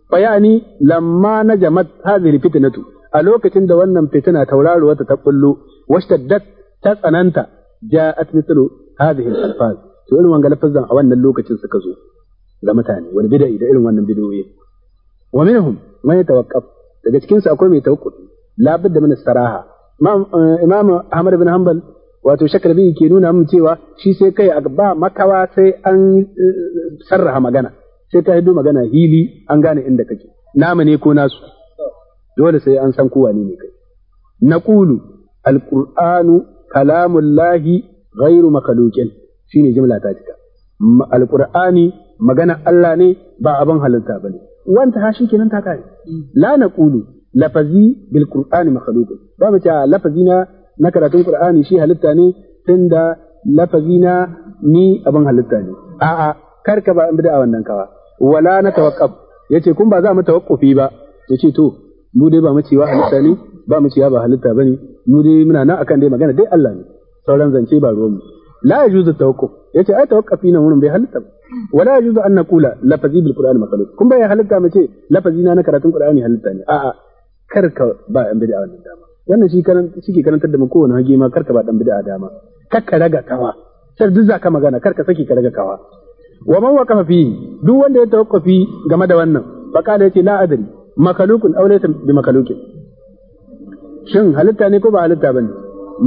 bayani lamma najamat hadhihi fitnatu a lokacin da wannan fitina tauraruwa ta kullu washtaddat ta tsananta ja'at mithlu hadhihi al-alfaz to irin wannan lafazan a wannan lokacin suka zo ga mutane wani bid'i da irin wannan bid'o'i wa minhum man yatawaqqaf daga cikin su akwai mai tawaqquf la budda min saraha imam ahmad ibn hanbal wato shakarbi ke nuna mun cewa shi sai kai ba makawa sai an sarraha magana sai ta hido magana hili an gane inda kake Nama ne ko nasu dole sai an san kowa ne ne kai naqulu alqur'anu kalamullahi ghairu makhluqin shine jumla ta cika alqur'ani magana Allah ne ba abin halitta bane wanta ha shi kenan ta kare la naqulu lafazi bil qur'ani makhluqin ba mu ta lafazina na karatun qur'ani shi halitta ne tunda na ni abin halitta ne a'a kar ka ba in bida wannan kawa wala na tawakkaf yace kun ba za mu tawakkufi ba yace to mu dai ba mu cewa halitta ne ba mu ce ba halitta bane mu dai muna nan akan dai magana dai Allah ne sauran zance ba mu la yajuzu tawakkuf yace ai tawakkafi nan wurin bai halitta ba wala yajuzu an naqula lafazi bil qur'ani makhluq kun bai halitta mace lafazi na na karatun qur'ani halitta ne a'a kar ka ba yan bid'a wannan dama wannan shi karan shike karantar da mu kowane hage ma kar ka ba dan bid'a dama kar ka raga kawa sai duk zaka magana kar ka saki ka raga kawa wa man waqafa fi duk wanda ya tawakkafi game da wannan faqala yace la adri makalukun aulaita bi makalukin shin halitta ne ko ba halitta bane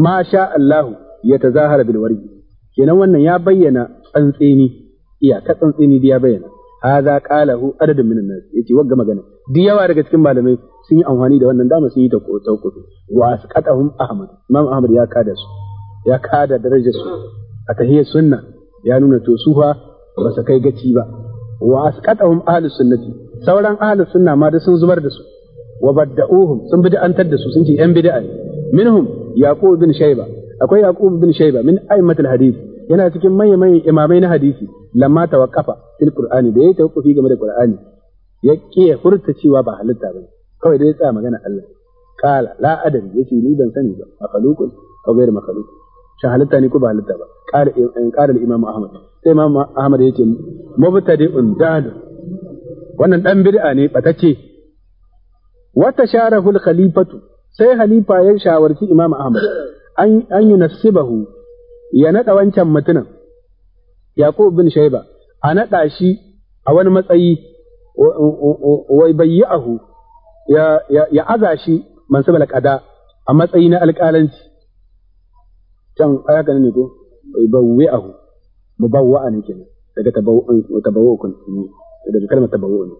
ma sha Allahu ya tazahara bil wargi kenan wannan ya bayyana tsantseni iya ka tsantseni da ya bayyana hadha qalahu adadun minan nas yace wagga magana duk yawa daga cikin malamai sun yi amfani da wannan dama sun yi ta kokoto wa asqatahum ahmad imam ahmad ya kada su ya kada darajar su a tahiyar sunna ya nuna to sufa ba su kai gaci ba wa asqatahum ahlus sunnati sauran ahlus sunna ma da sun zubar da su wa badda'uhum sun bid'antar da su sun ce yan bid'a minhum yaqub bin shayba akwai yaqub bin shayba min a'immat al-hadith yana cikin manyan imamai na hadisi lamma tawaqqafa fil qur'ani da yayi tawaqqufi game da qur'ani ya kiya furta cewa ba halitta bane kawai dai ya tsaya magana Allah qala la adam yace ni ban sani ba makhluqun aw ghayr makhluq shin halitta ne ko ba halitta ba qala in eh, qala al ahmad sai imam ahmad yace mubtadi'un dad wannan dan bid'a ne batacce wata sharahu al-khalifatu sai halifa ya shawarci imam ahmad an yi yunafsibahu ya naɗa wancan mutumin Yaqub bin Shaiba a naɗa shi a wani matsayi wai bayyahu ya ya aza shi mansub al a matsayi na alƙalanci can ayaka ne ko bayyahu mubawwa'a ne kenan daga tabawwa kun daga kalmar tabawwa ne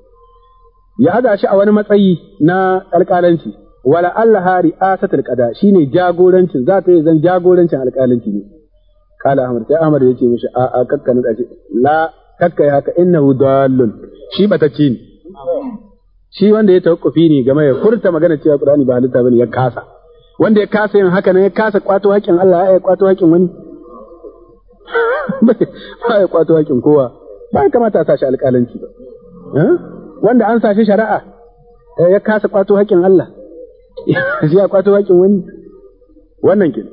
ya aza shi a wani matsayi na alƙalanci wala Allah hari asatul qada shine jagorancin za ta yi zan jagorancin alƙalanci ne kala Ahmad sai Ahmad yace mishi a a kakkanin kace la kakkai haka innahu dallun shi batacce ni. shi wanda ya tawakkufi ne game ya furta magana cewa Qur'ani ba halitta bane ya kasa wanda ya kasa yin haka ne ya kasa kwato haƙin Allah ya kwato haƙin wani ba ya kwato haƙin kowa ba ya kamata a sashi alƙalanci ba eh? wanda an sashi shari'a eh, ya kasa kwato haƙin Allah ya kwato wakin wani wannan kin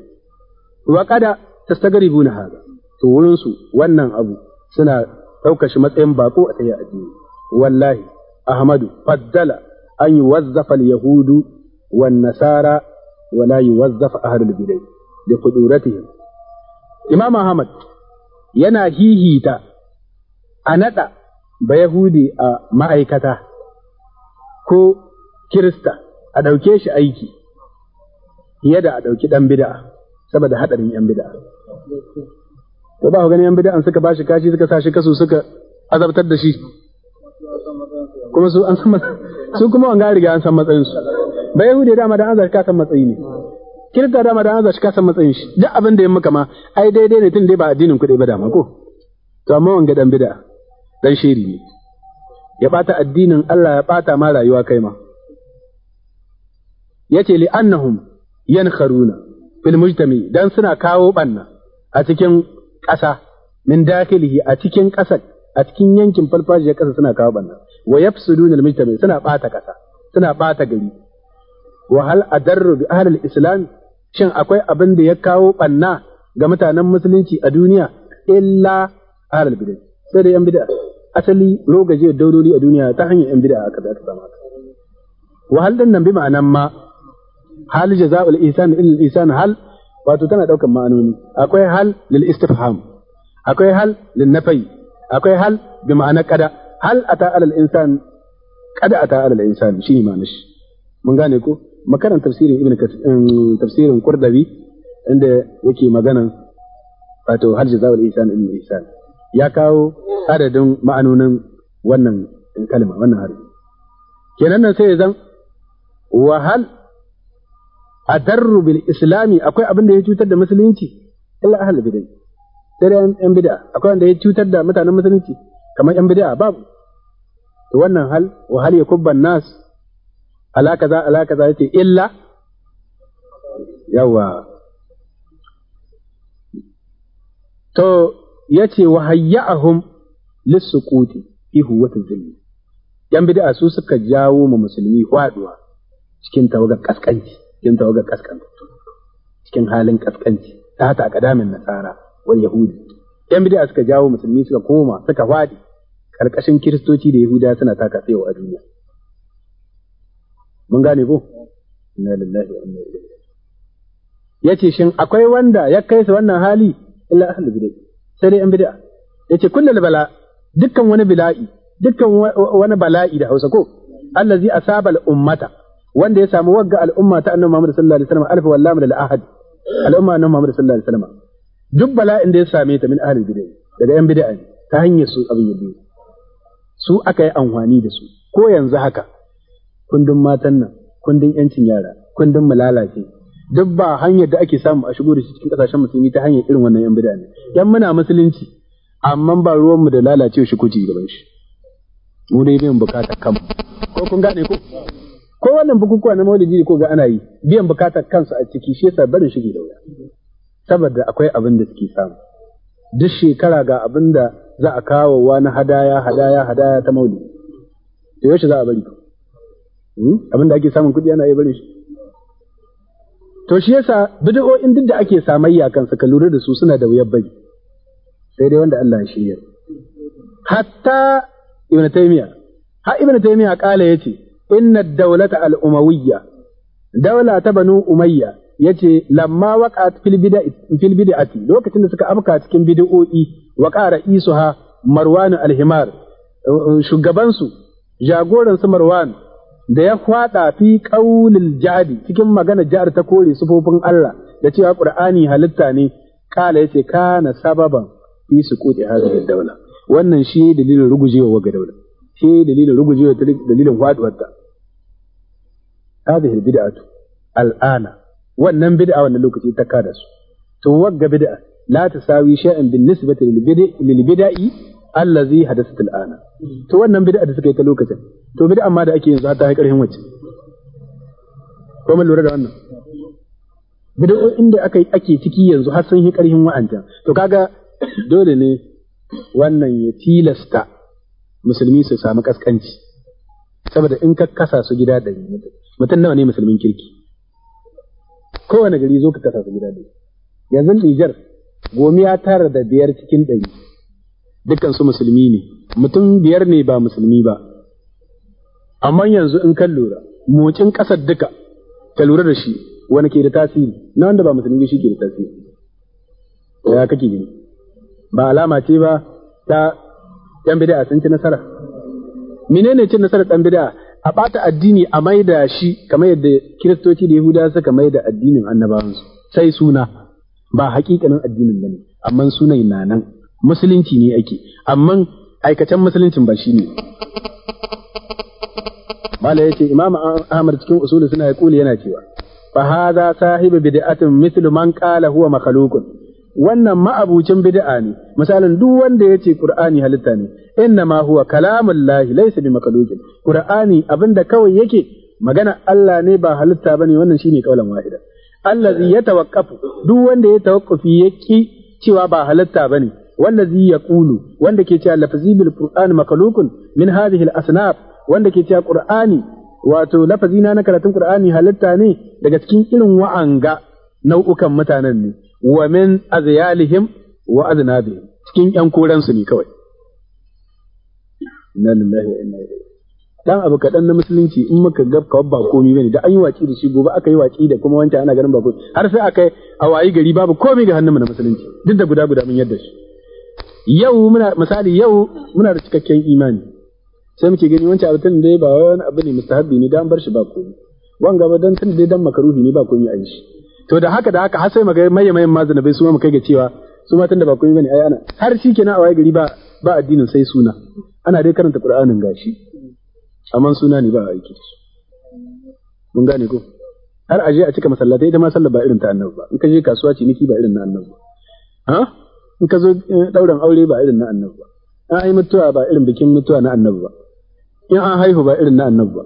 wa kada tastagribuna haka to wurin su wannan abu suna dauka shi matsayin bako a tsaye addini wallahi ahmadu faddala an yuwazzafa alyahudu yahudu wan nasara wala yuwazzafa ahlul bidai da quduratihim imam ahmad yana hihita a nada ba a ma'aikata ko kirista a ɗauke shi aiki fiye da a ɗauki ɗan bida saboda haɗarin ‘yan bida. To ba ku gani ‘yan bida'an suka bashi kashi suka sa shi kasu suka azabtar da shi. Kuma su an san su kuma wanga riga an san matsayin su. Ba Yahudi dama da an zarka san matsayi ne. Kirista dama da an zarka ka san matsayin shi. Duk abin da ya muka ma ai daidai ne tun dai ba addinin kuɗi ba dama ko. To amma wanga ɗan bida'a, ɗan shiri ne. Ya ɓata addinin Allah ya ɓata ma rayuwa kai ma. yace li annahum yankharuna fil mujtami dan suna kawo banna a cikin ƙasa min dakilihi a cikin ƙasa a cikin yankin farfajiyar ƙasa suna kawo banna wa yafsuduna al mujtami suna bata ƙasa suna bata gari wa hal adarru bi ahli al islam shin akwai abin da ya kawo banna ga mutanen musulunci a duniya illa ahli bid'a sai da yan bid'a asali rogaje daurori a duniya ta hanyar yan bid'a aka da aka zama. wa hal dan nan bi ma'anan ma hal jaza'ul ihsan al ihsan hal wato tana daukan ma'anoni akwai hal lil istifham akwai hal lin nafai akwai hal bi ma'ana kada hal ata al insan kada ata al insan shi ma'anar shi mun gane ko makaran tafsirin ibn um, tafsirin qurdawi inda yake magana wato hal jaza'ul ihsan al ihsan ya kawo adadin ma'anonin wannan kalma wannan harfi kenan nan sai ya zan wahal darru bil islami akwai abin da ya cutar da musulunci illa ahal bid'ah dare yan bid'a akwai wanda ya cutar da mutanen musulunci kamar yan bid'a babu to wannan hal wa hal yakubban nas ala kaza ala kaza yace illa yawa to yace wa hayya'ahum lisukuti fi huwati zulmi yan bid'a su suka jawo mu musulmi faduwa cikin tawagar kaskanci cikin tawagar kaskantattu cikin halin kaskanci ta hata kadamin nasara wal yahudi yan bid'a suka jawo musulmi suka koma suka fadi karkashin kiristoci da yahuda suna taka tsaye a duniya mun gane ko inna lillahi wa inna ilaihi yace shin akwai wanda ya kai su wannan hali illa ahlul bid'a sai dai yan bid'a yace kullal bala dukkan wani dukkan wani bala'i da Hausa ko allazi asaba al ummata wanda ya samu wagga al'umma ta annabi Muhammad sallallahu alaihi wasallam alfa wallahi min al-ahad al'umma annabi Muhammad sallallahu alaihi wasallam duk bala'in da ya same ta min ahli bid'ah daga yan bid'a ta hanyar su abin yabi su aka yi amfani da su ko yanzu haka kundin matan nan kundin yancin yara kundin malalace duk ba hanyar da ake samu a shigo da shi cikin kasashen musulmi ta hanyar irin wannan yan bid'a ne yan muna musulunci amma ba ruwanmu da lalacewa shi kuji gaban shi mu dai bin bukatar kanmu ko kun gane ko ko wannan bukukuwa na maulidi ko ga ana yi biyan bukatar kansu a ciki shi yasa barin shige da wuya saboda akwai abin da suke samu duk shekara ga abin da za a kawo wa na hadaya hadaya hadaya ta maulidi to yaushe za a bari hmm? abin da ake samun kuɗi ana yi barin shi to shi yasa bid'o'in duk da ake samayya kansa ka lura da su suna da wuyar bari sai dai wanda Allah ya shirya hatta ibnu taymiya ha ibnu taymiya kala yace inna daulata al-umawiyya daula ta banu umayya yace lamma waqa'at fil bid'ati lokacin da suka afka cikin bid'o'i wa qara isuha marwan alhimar, himar shugaban su jagoran su marwan da ya fada fi ƙaunin jadi cikin magana ja'ar ta kore sufofin Allah da cewa ƙur'ani halitta ne kala yace kana sababan fi suquti hadhihi daula wannan shi dalilin rugujewa ga daula shi dalilin rugujewa ta dalilin faduwarta hadhihi bid'atu al'ana wannan bid'a wannan lokaci ta kada su to wagga bid'a la tasawi shay'an bin nisbati lil bid'i allazi hadathat al'ana to wannan bid'a da suka yi ta lokacin to bid'a ma da ake yanzu har ta kai karhin wacce ko mun lura da wannan bid'o inda aka ake ciki yanzu har sun yi karhin wa'anta to kaga dole ne wannan ya tilasta musulmi su samu kaskanci saboda in ka kasa su gida ɗari mutum nawa ne musulmin kirki kowane gari zo ka kasa su gida ɗari yanzu Nijar gomi ya tara da biyar cikin ɗari dukkan su musulmi ne mutum biyar ne ba musulmi ba amma yanzu in kan lura mocin ƙasar duka ka lura da shi wani ke da tasiri na wanda ba musulmi shi ke da tasiri ya kake gani ba alama ce ba ta yan bid'a sun ci nasara menene cin nasarar ɗan bid'a a bata addini a maida shi kamar yadda kiristoci da yahudawa suka maida addinin annabawansu sai suna ba haƙiƙanin addinin ba ne, amma sunan na nan musulunci ne ake amma aikacen musuluncin ba shi ne mala ce imam ahmad cikin usulu suna ya yana cewa fa hadha sahibu bid'atin mithlu man qala huwa makhluqun wannan ma'abucin bid'a ne misalin duk wanda yace qur'ani halitta ne inna ma huwa kalamullahi laysa bi makalujin qur'ani abinda kawai yake magana Allah ne ba halitta bane wannan shine kaulan wahida allazi yatawaqqafu duk wanda ya tawaqqafi yaki cewa ba halitta bane wallazi yaqulu wanda ke cewa lafazi bil qur'an makalukun min hadhihi al asnaf wanda ke cewa qur'ani wato lafazina na karatun qur'ani halitta ne daga cikin irin wa'anga nau'ukan mutanen ne wa min azyalihim wa aznabihim cikin ƴan koransu ne kawai inna lillahi wa inna ilaihi dan abu kadan na musulunci in muka ga kawai ba komi bane da an yi waki da shi gobe aka yi waki da kuma wancan ana ganin ba komi har sai aka a wayi gari babu komi ga hannunmu na musulunci duk da guda guda mun yadda shi yau muna misali yau muna da cikakken imani sai muke gani wancan abu tun dai ba wani abu ne mustahabbi ne dan bar shi ba komi wanga ba dan tun dai dan makaruhi ne ba komi a yi shi to da haka da haka har sai magai mai mai mazanabai bai suma kai ga cewa su matan da ba yi bane ai ana har shi kenan a waye gari ba ba addinin sai suna ana dai karanta qur'anin gashi amma suna ne ba aiki da su mun gane ko har aje a cika masallatai ita ma sallar ba irin ta annabi ba in ka je kasuwa ci niki ba irin na annabi ba ha in ka zo dauran eh, aure ba irin na annabi ba an ai mutuwa ba irin bikin mutuwa na annabi ba in an haihu ba irin na annabi ba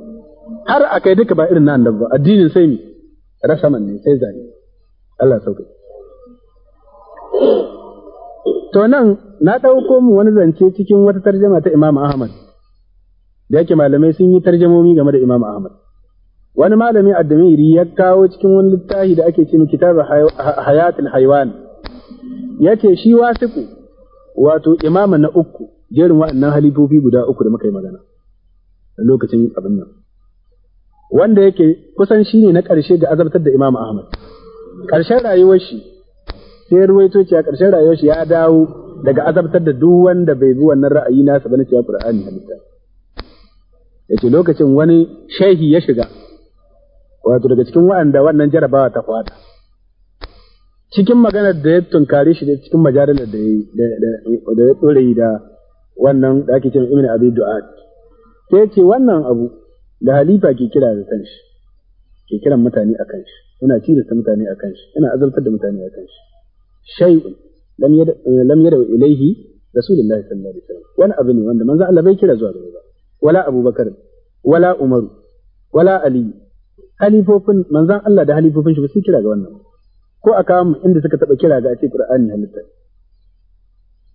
har akai duka ba irin na annabi ba addinin sai ne rasaman ne sai zane Allah sauke to nan na ɗauko mu wani zance cikin wata tarjama ta Imam Ahmad da yake malamai sun yi tarjamomi game da Imam Ahmad wani malami addamiri ya kawo cikin wani littafi da ake ce mu kitabu hayatul haywan yace shi wasiku wato imama na uku jerin waɗannan halifofi guda uku da muka yi magana lokacin abin nan wanda yake kusan shi ne na ƙarshe ga azabtar da Imam Ahmad. Ƙarshen rayuwar shi sai ruwaito cewa ƙarshen rayuwar shi ya dawo daga azabtar da duk wanda bai bi wannan ra'ayi nasa bane cewa Qur'ani halitta. ce lokacin wani shehi ya shiga wato daga cikin waɗanda wannan jarabawa ta kwada. Cikin maganar da ya tunkare shi da cikin majalar da ya ɗore da wannan da ake cewa Ibn Abi Du'ad. Sai ce wannan abu da halifa ke kira da kanshi ke kiran mutane a kanshi yana tilasta mutane a kanshi yana azabtar da mutane a kanshi shay'un lam yada lam yada ilaihi rasulullahi sallallahu alaihi wasallam wani abu ne wanda manzo Allah bai kira zuwa gare ba wala abubakar wala umaru wala ali halifofin manzan Allah da halifofin shi ba su kira ga wannan ko a kawo inda suka taba kira ga a ce qur'ani halitta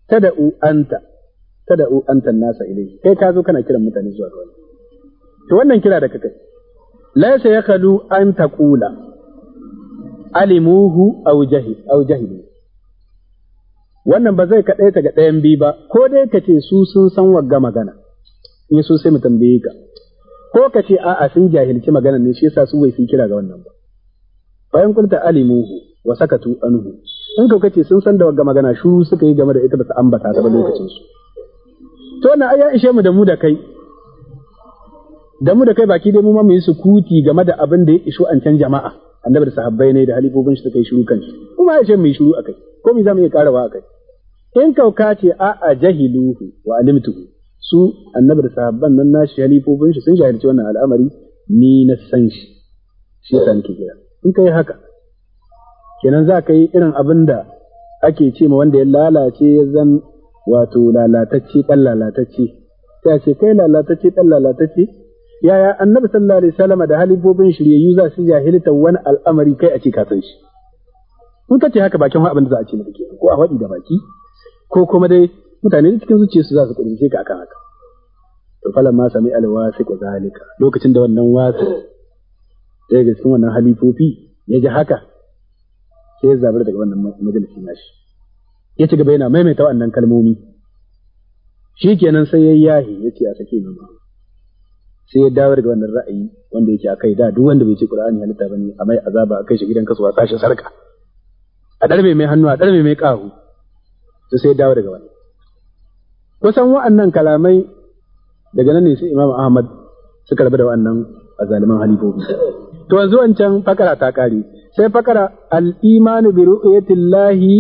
tada'u anta tada'u anta nasa ilayhi kai ka zo kana kiran mutane zuwa ga wannan to wannan kira da kakai ya kalu an taqula alimuhu aw jahil aw wannan ba zai kaɗai ta ga ɗayan biyu ba ko dai ka ce su sun san wagga magana in su sai mu tambaye ka ko ka ce a'a sun jahilci magana ne shi yasa su bai sun kira ga wannan ba bayan kunta alimuhu wa sakatu anhu in ka kace sun san da wagga magana shuru suka yi game da ita ba su ambata ta ba lokacin su to na ai ishe mu da mu da kai da mu da kai baki dai mu ma mu yi sukuti game da abin da ya isho an can jama'a annabi da sahabbai ne da halifofin shi suka yi shiru kan shi kuma ya ce mu yi shiru akai ko mi za mu iya karawa akai in kauka ce a a jahiluhu wa alimtuhu su annabi da sahabban nan nashi halifofin shi sun jahilci wannan al'amari ni na san shi shi san ki kira in kai haka kenan za ka yi irin abin da ake ce ma wanda ya lalace ya zan wato lalatacce ɗan lalatacce ta ce kai lalatacce ɗan lalatacce yaya annabi sallallahu alaihi wasallam da halifofin shiryayyu za su jahilta wani al'amari kai a ce ka san shi in ka ce haka bakin wa abin da za a ce maka kike ko a faɗi da baki ko kuma dai mutane da cikin zuciyarsu za su kudince ka akan haka to falan ma sami ko zalika lokacin da wannan wasi sai ga cikin wannan halifofi ya ji haka sai ya zabar daga wannan majalisi nashi ya ci gaba yana maimaita wannan kalmomi shikenan sai ya yahi ya ce a sake ba. sai ya dawo daga wannan ra'ayi wanda yake kai, da duk wanda bai ce Qur'ani halitta bane a mai azaba kai shi gidan kasuwa sashi sarka a darbe mai hannu a darbe mai kahu to sai ya dawo daga wannan kusan wa'annan kalamai daga nan ne sai Imam Ahmad suka rabu da wa'annan azaliman halifofi to yanzu wancan fakara ta kare sai fakara al-imanu bi ru'yatillahi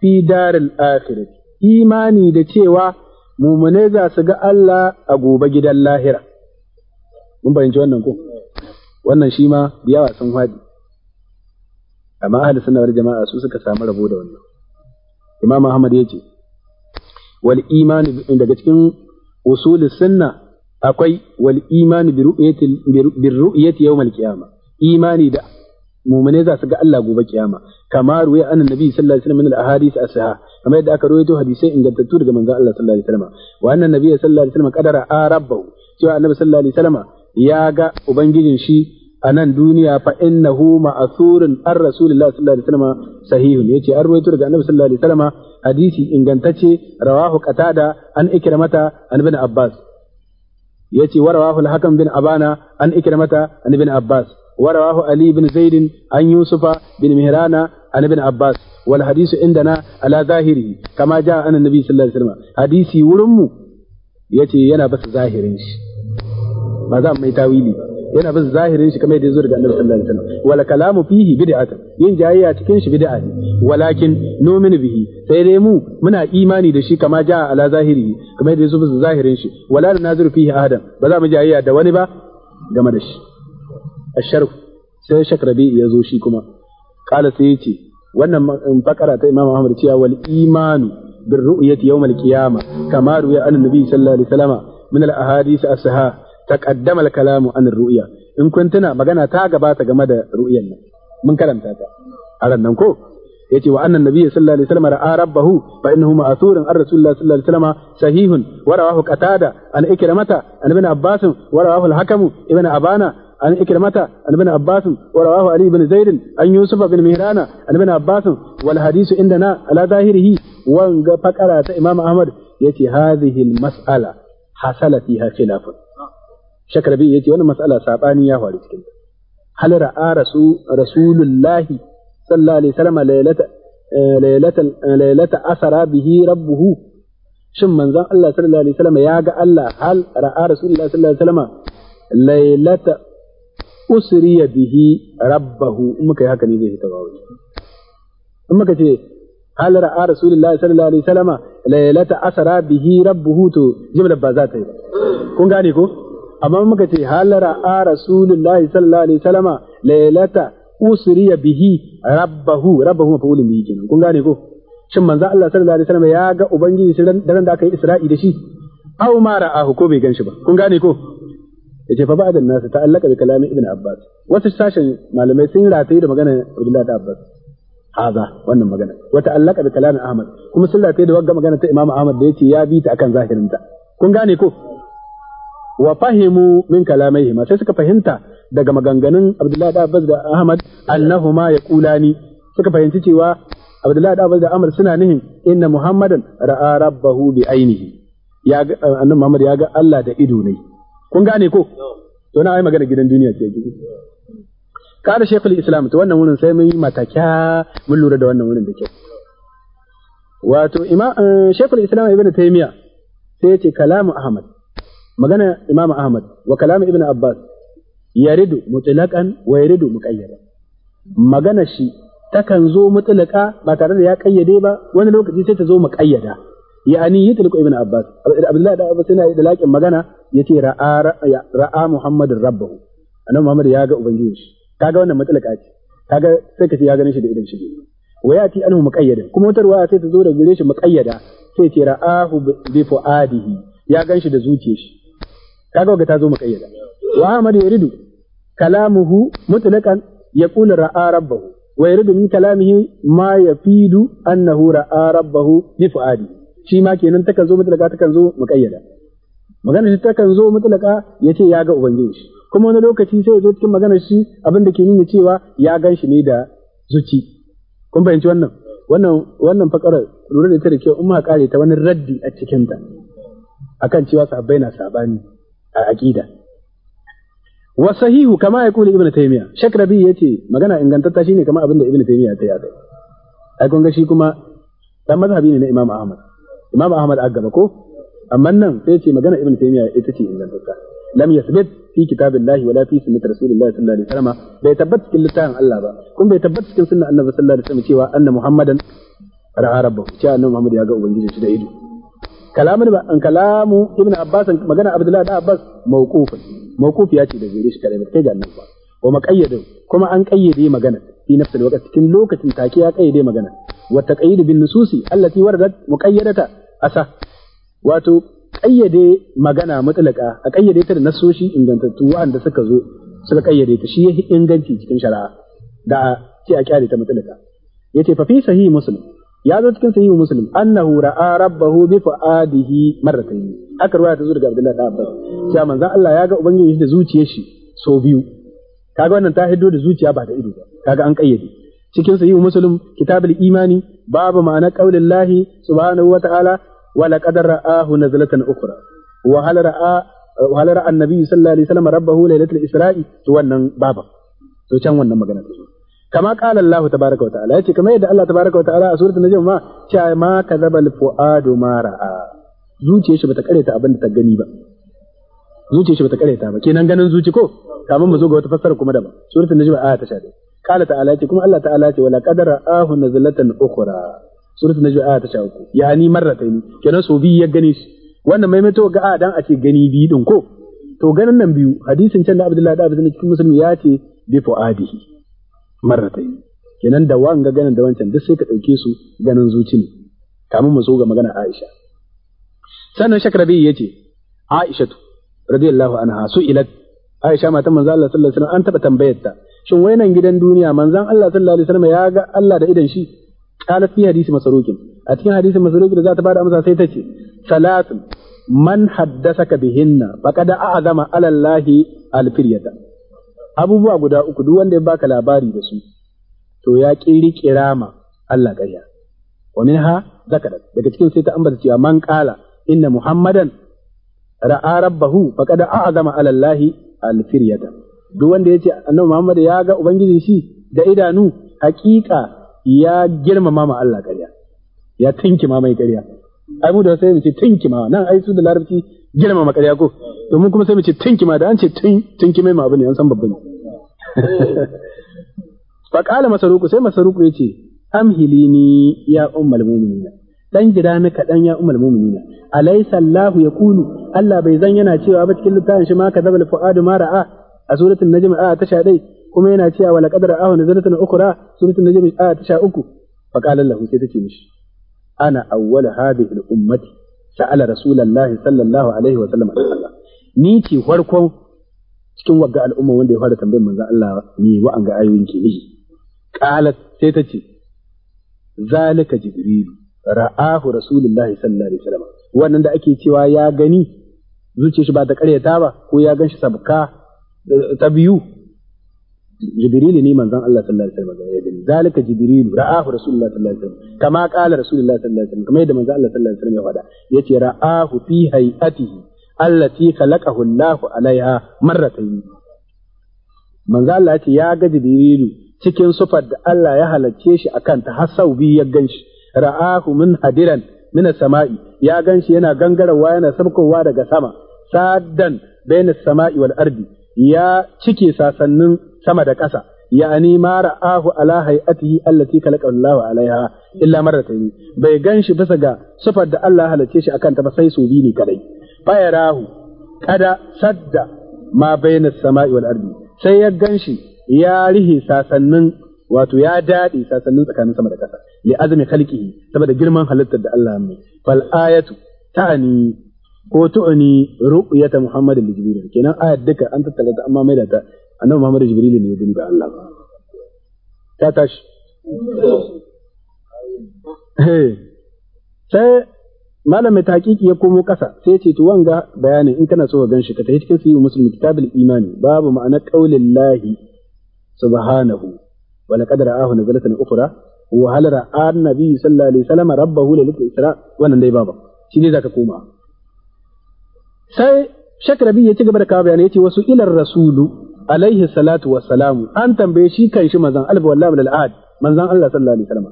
fi daril akhirah imani da cewa mumune za su ga Allah a gobe gidan lahira mun fahimci wannan ko wannan shi ma biya yawa sun haɗi amma ahli sunna wal jama'a su suka samu rabo da wannan imam ahmad yace wal iman daga cikin usul sunna akwai wal iman bi ru'yati bi ru'yati yawm al qiyama imani da mumune za su ga Allah gobe kiyama kamar ruwaya annabi sallallahu alaihi wasallam min al ahadith as-sahih kamar yadda aka rawaito hadisai ingantattu daga manzon Allah sallallahu alaihi wasallam wa annabi sallallahu alaihi wasallam qadara arabahu cewa annabi sallallahu alaihi wasallam ya ga ubangijin shi a nan duniya fa innahu ma'asurun an rasulullah sallallahu alaihi wasallam sahihun yace an rawaito daga annabi sallallahu alaihi wasallam hadisi ingantacce rawahu qatada an ikramata an ibn abbas yace wa rawahu al-hakam bin abana an ikramata an ibn abbas wa rawahu ali bin zaid an yusufa bin mihrana an ibn abbas wal hadisu indana ala zahiri kama jaa an annabi sallallahu alaihi wasallam hadisi wurin mu yace yana bas zahirin shi ba za mai tawili yana bin zahirin shi kamar yadda ya zo daga annabi sallallahu alaihi wasallam Wala kalamu fihi bid'atun yin jayayya cikin shi bid'a ne walakin nu'minu bihi sai dai mu muna imani da shi kama ja'a ala zahiri kamar yadda ya zo zahirin shi wala naziru fihi ahadan ba za mu jayayya da wani ba game da shi asharf sai shakrabi ya zo shi kuma kala sai yace wannan um, bakara ta imamu ahmad cewa wal imanu bir ru'yati yawm al qiyamah kama ruya annabi sallallahu alaihi wasallam min al ahadith as-sahih taqaddama al-kalamu an ruya in kun magana ta gabata game da ru'yan nan mun karanta ta a ran nan ko yace wa annan nabiyyi sallallahu alaihi wasallam ra'a rabbahu fa innahu ma'thurun an rasulullah sallallahu alaihi wasallam sahihun wa rawahu qatada an ikramata an ibn abbas wa rawahu al-hakim ibn abana عن إكرمة عن ابن عباس ورواه علي بن زيد عن يوسف بن مهران عن ابن عباس والحديث عندنا على ظاهره وانقى فقرة إمام أحمد يتي هذه المسألة حصل فيها خلاف shakarbi yake wannan mas'ala sabani ya faru cikin ta hal ra'a rasu rasulullahi sallallahu alaihi wasallam laylata eh, laylata laylata asara bihi rabbuhu shin manzon Allah sallallahu alaihi wasallam ya ga Allah hal ra'a rasulullahi sallallahu alaihi wasallam laylata usriya bihi rabbahu in muka yi haka ne zai fita bawo in muka ce hal ra'a rasulullahi sallallahu alaihi wasallam laylata asara bihi rabbuhu to jimlar ba za ta yi kun gane ko amma muka ce halara a rasulullahi sallallahu alaihi wasallama lailata usriya bihi rabbahu rabbahu mafulun bihi kenan kun gane ko shin manzo Allah sallallahu alaihi wasallama ya ga ubangiji daren da aka yi isra'i da shi aw ma ra'ahu ko bai ganshi ba kun gane ko yace fa ba'da nasu ta'allaka bi kalamin ibn abbas wasu sashen malamai sun rataye da magana abdullahi da abbas haza wannan magana wata allaka bi kalami ahmad kuma sun rataye da wagga magana ta imam ahmad da yace ya bi ta akan zahirinta kun gane ko wa fahimu min ma sai suka fahimta daga maganganun Abdullahi da Abbas da Ahmad annahuma yaqulani suka fahimci cewa Abdullahi da Abbas da Ahmad suna nihin inna Muhammadan ra'a rabbahu bi ainihi ya ga eh, annabi Muhammad ya ga Allah da ido ne kun gane ko to na ai magana gidan duniya ce kada shekul islam to wannan wurin sai mun yi matakya mun lura da wannan wurin da kyau wato imam eh, shekul islam ibnu taymiya sai ya ce kalamu ahmad magana Imam Ahmad wa kalam Ibn Abbas yaridu mutlaqan wa yaridu muqayyada magana shi takan zo mutlaqa ba tare da ya kayyade ba wani lokaci sai ta zo muqayyada yani yutliqu Ibn Abbas Abdullahi da Abbas yana da laƙin magana yace ra'a ra'a muhammadur rabbahu annabi Muhammad ya ga ubangiji shi kaga wannan mutlaqa ce kaga sai ka ce ya ganin shi da idan shi wa yati anhu muqayyadan kuma wata ruwaya sai ta zo da gare shi muqayyada sai ce ra'ahu bi fuadihi ya gan shi da zuciyar shi kaga ga ta zo mukayyada wa Ahmad yuridu kalamuhu mutlaqan yaqul ra'a rabbahu wa yuridu min kalamihi ma yafidu annahu ra'a rabbahu bi fuadi shi ma kenan takan zo ta takan zo mukayyada magana shi takan zo mutlaqa yace ya ga ubangiji shi kuma wani lokaci sai ya zo cikin magana shi abin da ke nuna cewa ya gan shi ne da zuci kun fahimci wannan wannan wannan fakarar lura da ita da kyau umma kare ta wani raddi a cikin ta akan cewa sahabbai na sabani a aqida wa sahihu kama yaqulu ibnu taymiya ya yace magana ingantatta shine kama abin da ibnu taymiya ta yi ai kun ga shi kuma dan mazhabi ne na imam ahmad imam ahmad a gaba ko amma nan sai ce magana ibnu taymiya ita ce ingantatta lam yasbit fi kitabillahi wala fi sunnati rasulillahi sallallahu alaihi wasallam bai tabbata cikin littafin Allah ba kun bai tabbata cikin sunnar annabi sallallahu alaihi wasallam cewa anna muhammadan ra'a rabbahu cewa annabi muhammad ya ga ubangiji shi da ido an kalamu ibn abbas magana abdullahi da abbas mawqufun mawquf ya ce da gare shi kalamin kai ga annabi ba wa maqayyadu kuma an qayyade magana fi nafsi da cikin lokacin take ya qayyade magana wa taqayyid bin nususi allati waradat muqayyadata asa wato qayyade magana mutlaka a qayyade ta da nasoshi ingantattu wanda suka zo suka qayyade ta shi ya inganci cikin shari'a da ce a kyale ta mutlaka yace fa fi sahih muslim ya zo cikin sahihu muslim annahu ra'a rabbahu bi fa'adihi marratayn aka ruwaya ta zuwa daga abdullahi da abbas cewa manzon Allah ya ga ubangiji da zuciyar shi so biyu kaga wannan ta hiddo da zuciya ba da ido ba kaga an kayyade cikin sahihu muslim kitabul imani babu ma'ana qaulillahi subhanahu wa ta'ala wa laqad ra'ahu nazlatan ukhra wa hal ra'a wa hal ra'a annabi sallallahu alaihi wasallam rabbahu lailatul isra'i to wannan baba to can wannan magana ta zo kama qala Allah tabaaraka wa ta'ala yace kamar yadda Allah tabaaraka wa ta'ala a suratul najm ma cha ma kadhaba al fuadu ma ra'a zuciyar shi bata kareta abin da ta gani ba zuciyar shi bata kareta ba kenan ganin zuci ko kamar mu zo ga wata fassara kuma daban suratul najm aya ta 11 qala ta'ala yace kuma Allah ta'ala yace wala qadara ahu nazlatan ukhra suratul najm aya ta 13 yani marrataini kenan so bi ya gani shi wannan maimaito ga dan a ce gani biyu din ko to ganin nan biyu hadisin can da Abdullahi da Abdullahi cikin musulmi ya ce bi fuadihi marratai kenan da wanga ganin da wancan duk sai ka ɗauke su ganin zuci ne kamun mu zo ga magana Aisha sannan Shakrabi yace Aisha tu, radiyallahu anha su ila. Aisha matan manzo Allah sallallahu alaihi wasallam an taba tambayar ta shin wayanan gidan duniya manzon Allah sallallahu alaihi wasallam ya ga Allah da idan shi qalat fi hadisi masarukin a cikin hadisin masarukin da za ta bada amsa sai ta ce salatun man haddasaka bihinna faqad a'zama ala alallahi alfiryata abubuwa guda uku duk wanda ya baka labari da su to ya kiri ma Allah ƙarya wa minha zakara daga cikin sai ta ambata cewa man qala inna muhammadan ra'a rabbahu faqad a'zama 'ala allahi al-firyata duk wanda yace annabi muhammad ya ga Ubangiji shi da idanu hakika ya girmama ma Allah ƙarya ya tinkima mai ƙarya ai mu da sai mu ce tinkima nan ai su da larabci girmama ya ko domin kuma sai mu ce tunki ma da an ce tunki mai ma abu ne an san babban fa qala masaruku sai masaruku yace amhilini ya ummul mu'minina dan gida na kadan ya ummul mu'minina alaysa allah yaqulu allah bai zan yana cewa ba cikin littafin shi ma zaba fuadu ma ra'a a suratul najm a ta sha dai kuma yana cewa wala qadara ahu zanatun ukhra suratul najm a ta sha uku fa qala lahu sai ce mishi ana awwal hadhihi al ummati sa'ala rasulullahi sallallahu alaihi wa sallam ni ce فاركو cikin wagga al'umma wanda ya fara tambayar manzon Allah me wa'anga ayoyin ke nihi qalat sai ta ce zalika jibril ra'ahu rasulullahi sallallahu alaihi wasallam wannan da ake cewa ya gani zuciyarsa ba ta karyata ba ko ya ganshi sabka eh, ta biyu jibrilu ne manzon Allah sallallahu alaihi wasallam ya gani zalika jibrilu ra'ahu rasulullah sallallahu alaihi wasallam kama qala rasulullah sallallahu alaihi wasallam kamar yadda manzon Allah sallallahu alaihi wasallam ya faɗa yace ra'ahu fi hay'atihi allati khalaqahu Allah alaiha marratayn manzon Allah yace ya ga jibrilu cikin sufar da Allah ya halacce shi akan ta har sau biyu ya ganshi ra'ahu min hadiran min sama'i ya ganshi yana gangarawa yana sabkowa daga sama saddan bayna sama'i wal ardi ya cike sasannin sama da ƙasa ya'ani ma ra'ahu ala hay'atihi allati khalaqa Allahu alaiha illa marratayn bai ganshi bisa ga sifar da Allah halice shi akan ta ba sai su bi ne kadai fa yarahu kada sadda ma bayna samai wal ardi sai ya ganshi ya rihi sasannin wato ya daɗe sasannin tsakanin sama da ƙasa li azmi khalqihi saboda girman halittar da Allah mai fal ayatu ta'ani ko tu'ni ru'yata Muhammad al-Jibril kenan ayat duka an tattala ta amma mai da ta annabi Muhammad Jibril ne ya gani da Allah ta tashi eh. sai malamin taƙiƙi ya komo ƙasa sai ce to wanga bayani in kana so ka ganshi ka tafi cikin sahihu muslim kitabul imani babu ma'ana qaulin lahi subhanahu wa laqad ra'ahu nazalatan ukhra wa hal ra'a annabi sallallahu alaihi wasallam rabbahu lil isra wannan dai baba shi ne zaka koma sai shakrabi ya ci gaba da kawo bayanai ce wasu ilar rasulu alaihi salatu wa salamu an tambaye shi kan shi manzon alif wallahi lil al'ad manzon Allah sallallahu alaihi wasallam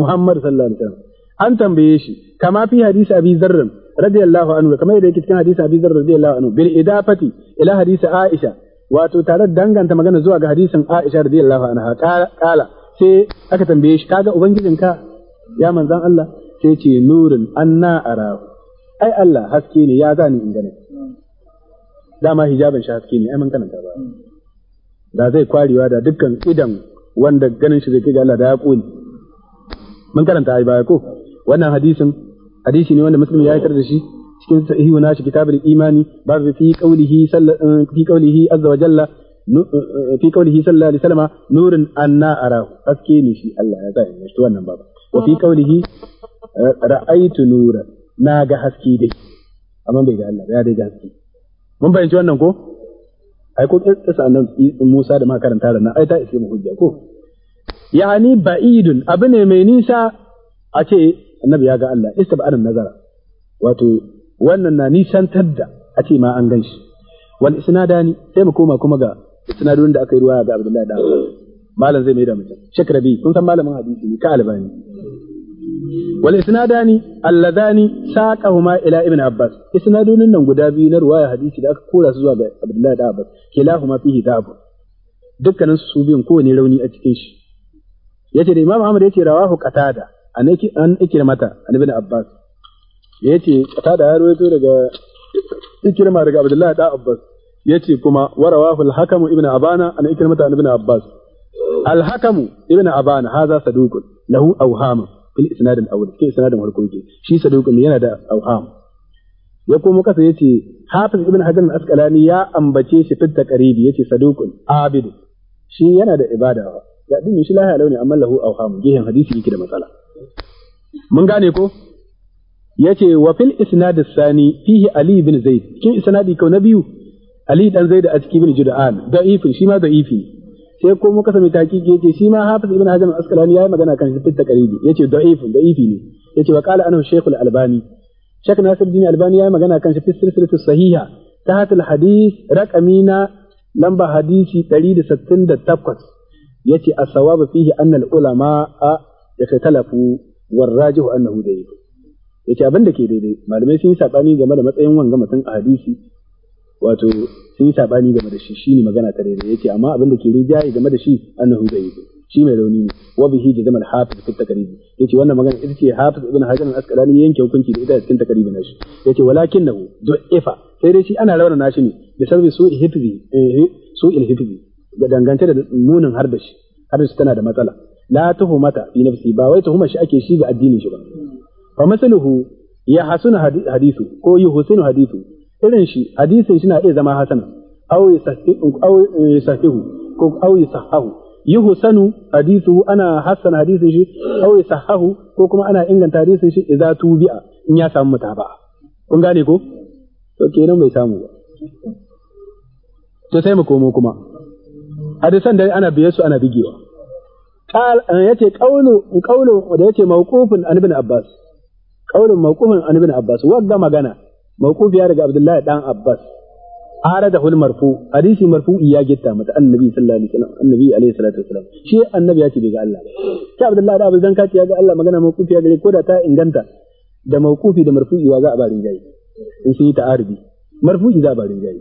Muhammad sallallahu alaihi wasallam an tambaye shi kama fi hadisi abi zarr radiyallahu anhu kama yadda yake cikin hadisi abi zarr radiyallahu anhu bil idafati ila hadisi aisha wato tare da danganta magana zuwa ga hadisin aisha radiyallahu anha kala sai aka tambaye shi kaga ubangijinka ya manzon Allah sai ce nurin anna arahu ai Allah haske ne ya zani in gane dama hijabin shi haske ne ai mun karanta ba da zai kwarewa da dukkan idan wanda ganin shi zai kai ga Allah da ya ƙone mun karanta ai baya ko wannan hadisin hadisi ne wanda muslim ya yi da shi cikin sahihu shi kitabul imani babu fi qawlihi fi qawlihi azza wa jalla fi qawlihi sallallahu alaihi wasallam nurun anna arahu Aske ne shi Allah ya zai shi wannan baba wa fi qawlihi ra'aytu nura na ga haske dai amma bai ga Allah ya dai ga haske mun bayyana wannan ko ai ko kisa nan Musa da maka karanta na ai ta ishe mu hujja ko yani ba'idun abu ne mai nisa a ce annabi ya ga Allah istab'arin nazara wato wannan na nisan da a ce ma an ganshi wal isnadani sai mu koma kuma ga isnadun da aka yi ruwaya ga Abdullahi da Malam zai mai da mutum Shekara kun san malamin hadisi ne ka albani wal isnadani alladani saqahuma ila ibn abbas isnadunin nan guda biyu na ruwaya hadisi da aka kora su zuwa ga abdullahi da abbas kilahuma fihi dhabu dukkanin su biyun kowane rauni a cikin shi yace da imam ahmad yace rawahu qatada an ikirmata an ibn abbas yace qatada ya rawaito ikirma daga abdullahi da abbas yace kuma warawahu al-hakamu ibn abana an ikirmata an ibn abbas al-hakamu ibn abana hadha saduqun lahu awhama fil isnad al awwal cikin isnadin farko yake shi saduqun yana da awham ya komo kasa yace hafiz ibn hajar al asqalani ya ambace shi fit taqribi yace saduqun abid shi yana da ibada ya dimi shi lahi alauni amma lahu awham gehen hadisi yake da matsala mun gane ko yace wa fil isnad sani fihi ali ibn zaid cikin isnadi kau na biyu ali dan zaid a cikin ibn jud'an da'ifin shi ma da'ifi sai ko muka sami ki yace shi ma Hafiz ibn Hajar al-Asqalani yayi magana kan shi fitta qaribi yace da'ifun da'ifi ne yace wa qala anhu Sheikh al-Albani Nasir Nasiruddin Albani yayi magana kan shi fi silsilatu sahiha tahat al-hadith raqamina lamba hadisi 168 yace as-sawabu fihi anna al-ulama yakhtalafu warrajihu annahu da'if yace abinda ke daidai malamai sun yi sabani game da matsayin wanga mutum a hadisi wato sun yi sabani game da shi ne magana ta daidai yace amma abin da ke rijaye game da shi annahu zai shi mai rauni ne wa bihi jazama al-hafiz fi at yace wannan magana ita ce hafiz ibn hajar al-asqalani yanke hukunci da ita cikin na shi. yace walakinahu du'ifa sai dai shi ana rawana nashi ne da sabbi su hifzi eh, su il-hifzi da dangance da munin har da shi tana da matsala la tuhumata fi nafsi ba wai tuhumar shi ake shi ga addinin shi ba fa masaluhu ya hasuna hadithu ko yuhsinu hadithu irin shi hadisin shi na iya zama hasana aw yasahihu ko sahahu yi yuhsanu hadisu ana hasana hadisin shi aw sahahu ko kuma ana inganta hadisin shi idza tubi'a in ya samu mutaba'a kun gane ko to kenan bai samu ba to sai mu komo kuma hadisan da ana biye su ana bigewa قال يتي قول قول da yace mawqufun an ibn abbas qaulun mawqufun an abbas wagga magana mawquf ya daga Abdullahi dan Abbas ara da hul marfu hadisi marfu ya gitta mata annabi sallallahu alaihi wasallam annabi alaihi salatu wasallam shi annabi ya ce bai ga Allah ki Abdullahi da Abu Zanka ya ga Allah magana mawqufi ya gare ko da ta inganta da mawqufi da marfu'i wa za a barin jayi in sun yi ta'arubi marfu'i za a barin jayi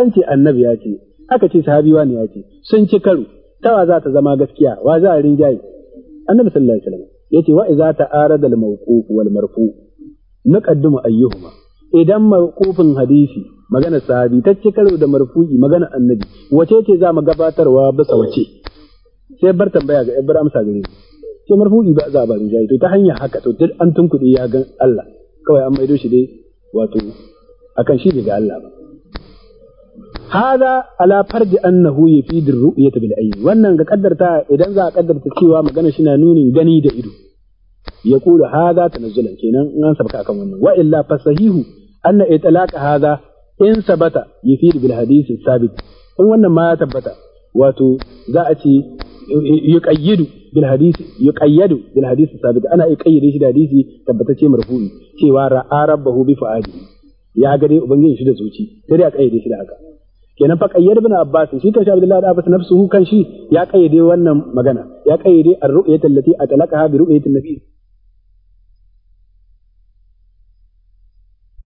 an ce annabi ya ce aka ce sahabi wani ya ce sun ci karo wa za ta zama gaskiya wa za a rinjaye annabi sallallahu alaihi wasallam yace wa iza ta'arada al-mawquf wal marfu naqaddimu ayyuhuma idan mawqufin hadisi magana sahabi ta ce karo da marfu'i magana annabi wace ce za mu gabatarwa bisa wace sai bar tambaya ga ibrahim amsa gare ce marfu'i ba za ba rijai to ta hanyar haka to duk an tunkuɗe ya ga Allah kawai an maido shi dai wato akan shi bai ga Allah ba ala على annahu انه ru'yata bil ayn wannan ga kaddarta idan za a kaddarta cewa magana shi na nunin gani da ido Ya haza hadha tanazzulan kenan in an sabaka akan wannan wa illa fasahihu anna itlaq hadha in sabata yufid bil hadith sabit in wannan ma ya tabbata wato za a ce yuqayyidu bil hadith yuqayyadu bil hadith sabit ana yuqayyide shi da hadisi tabbatacce marfu'i cewa ra'a rabbahu bi fu'adi ya gare ubangiji shi da zuci sai ya a kayyade shi da haka kenan fa qayyad bin abbas shi kan shi abdullahi ibn abbas nafsuhu kan shi ya kayyade wannan magana ya kayyade ar-ru'yat allati atalaqaha bi ru'yati an-nabi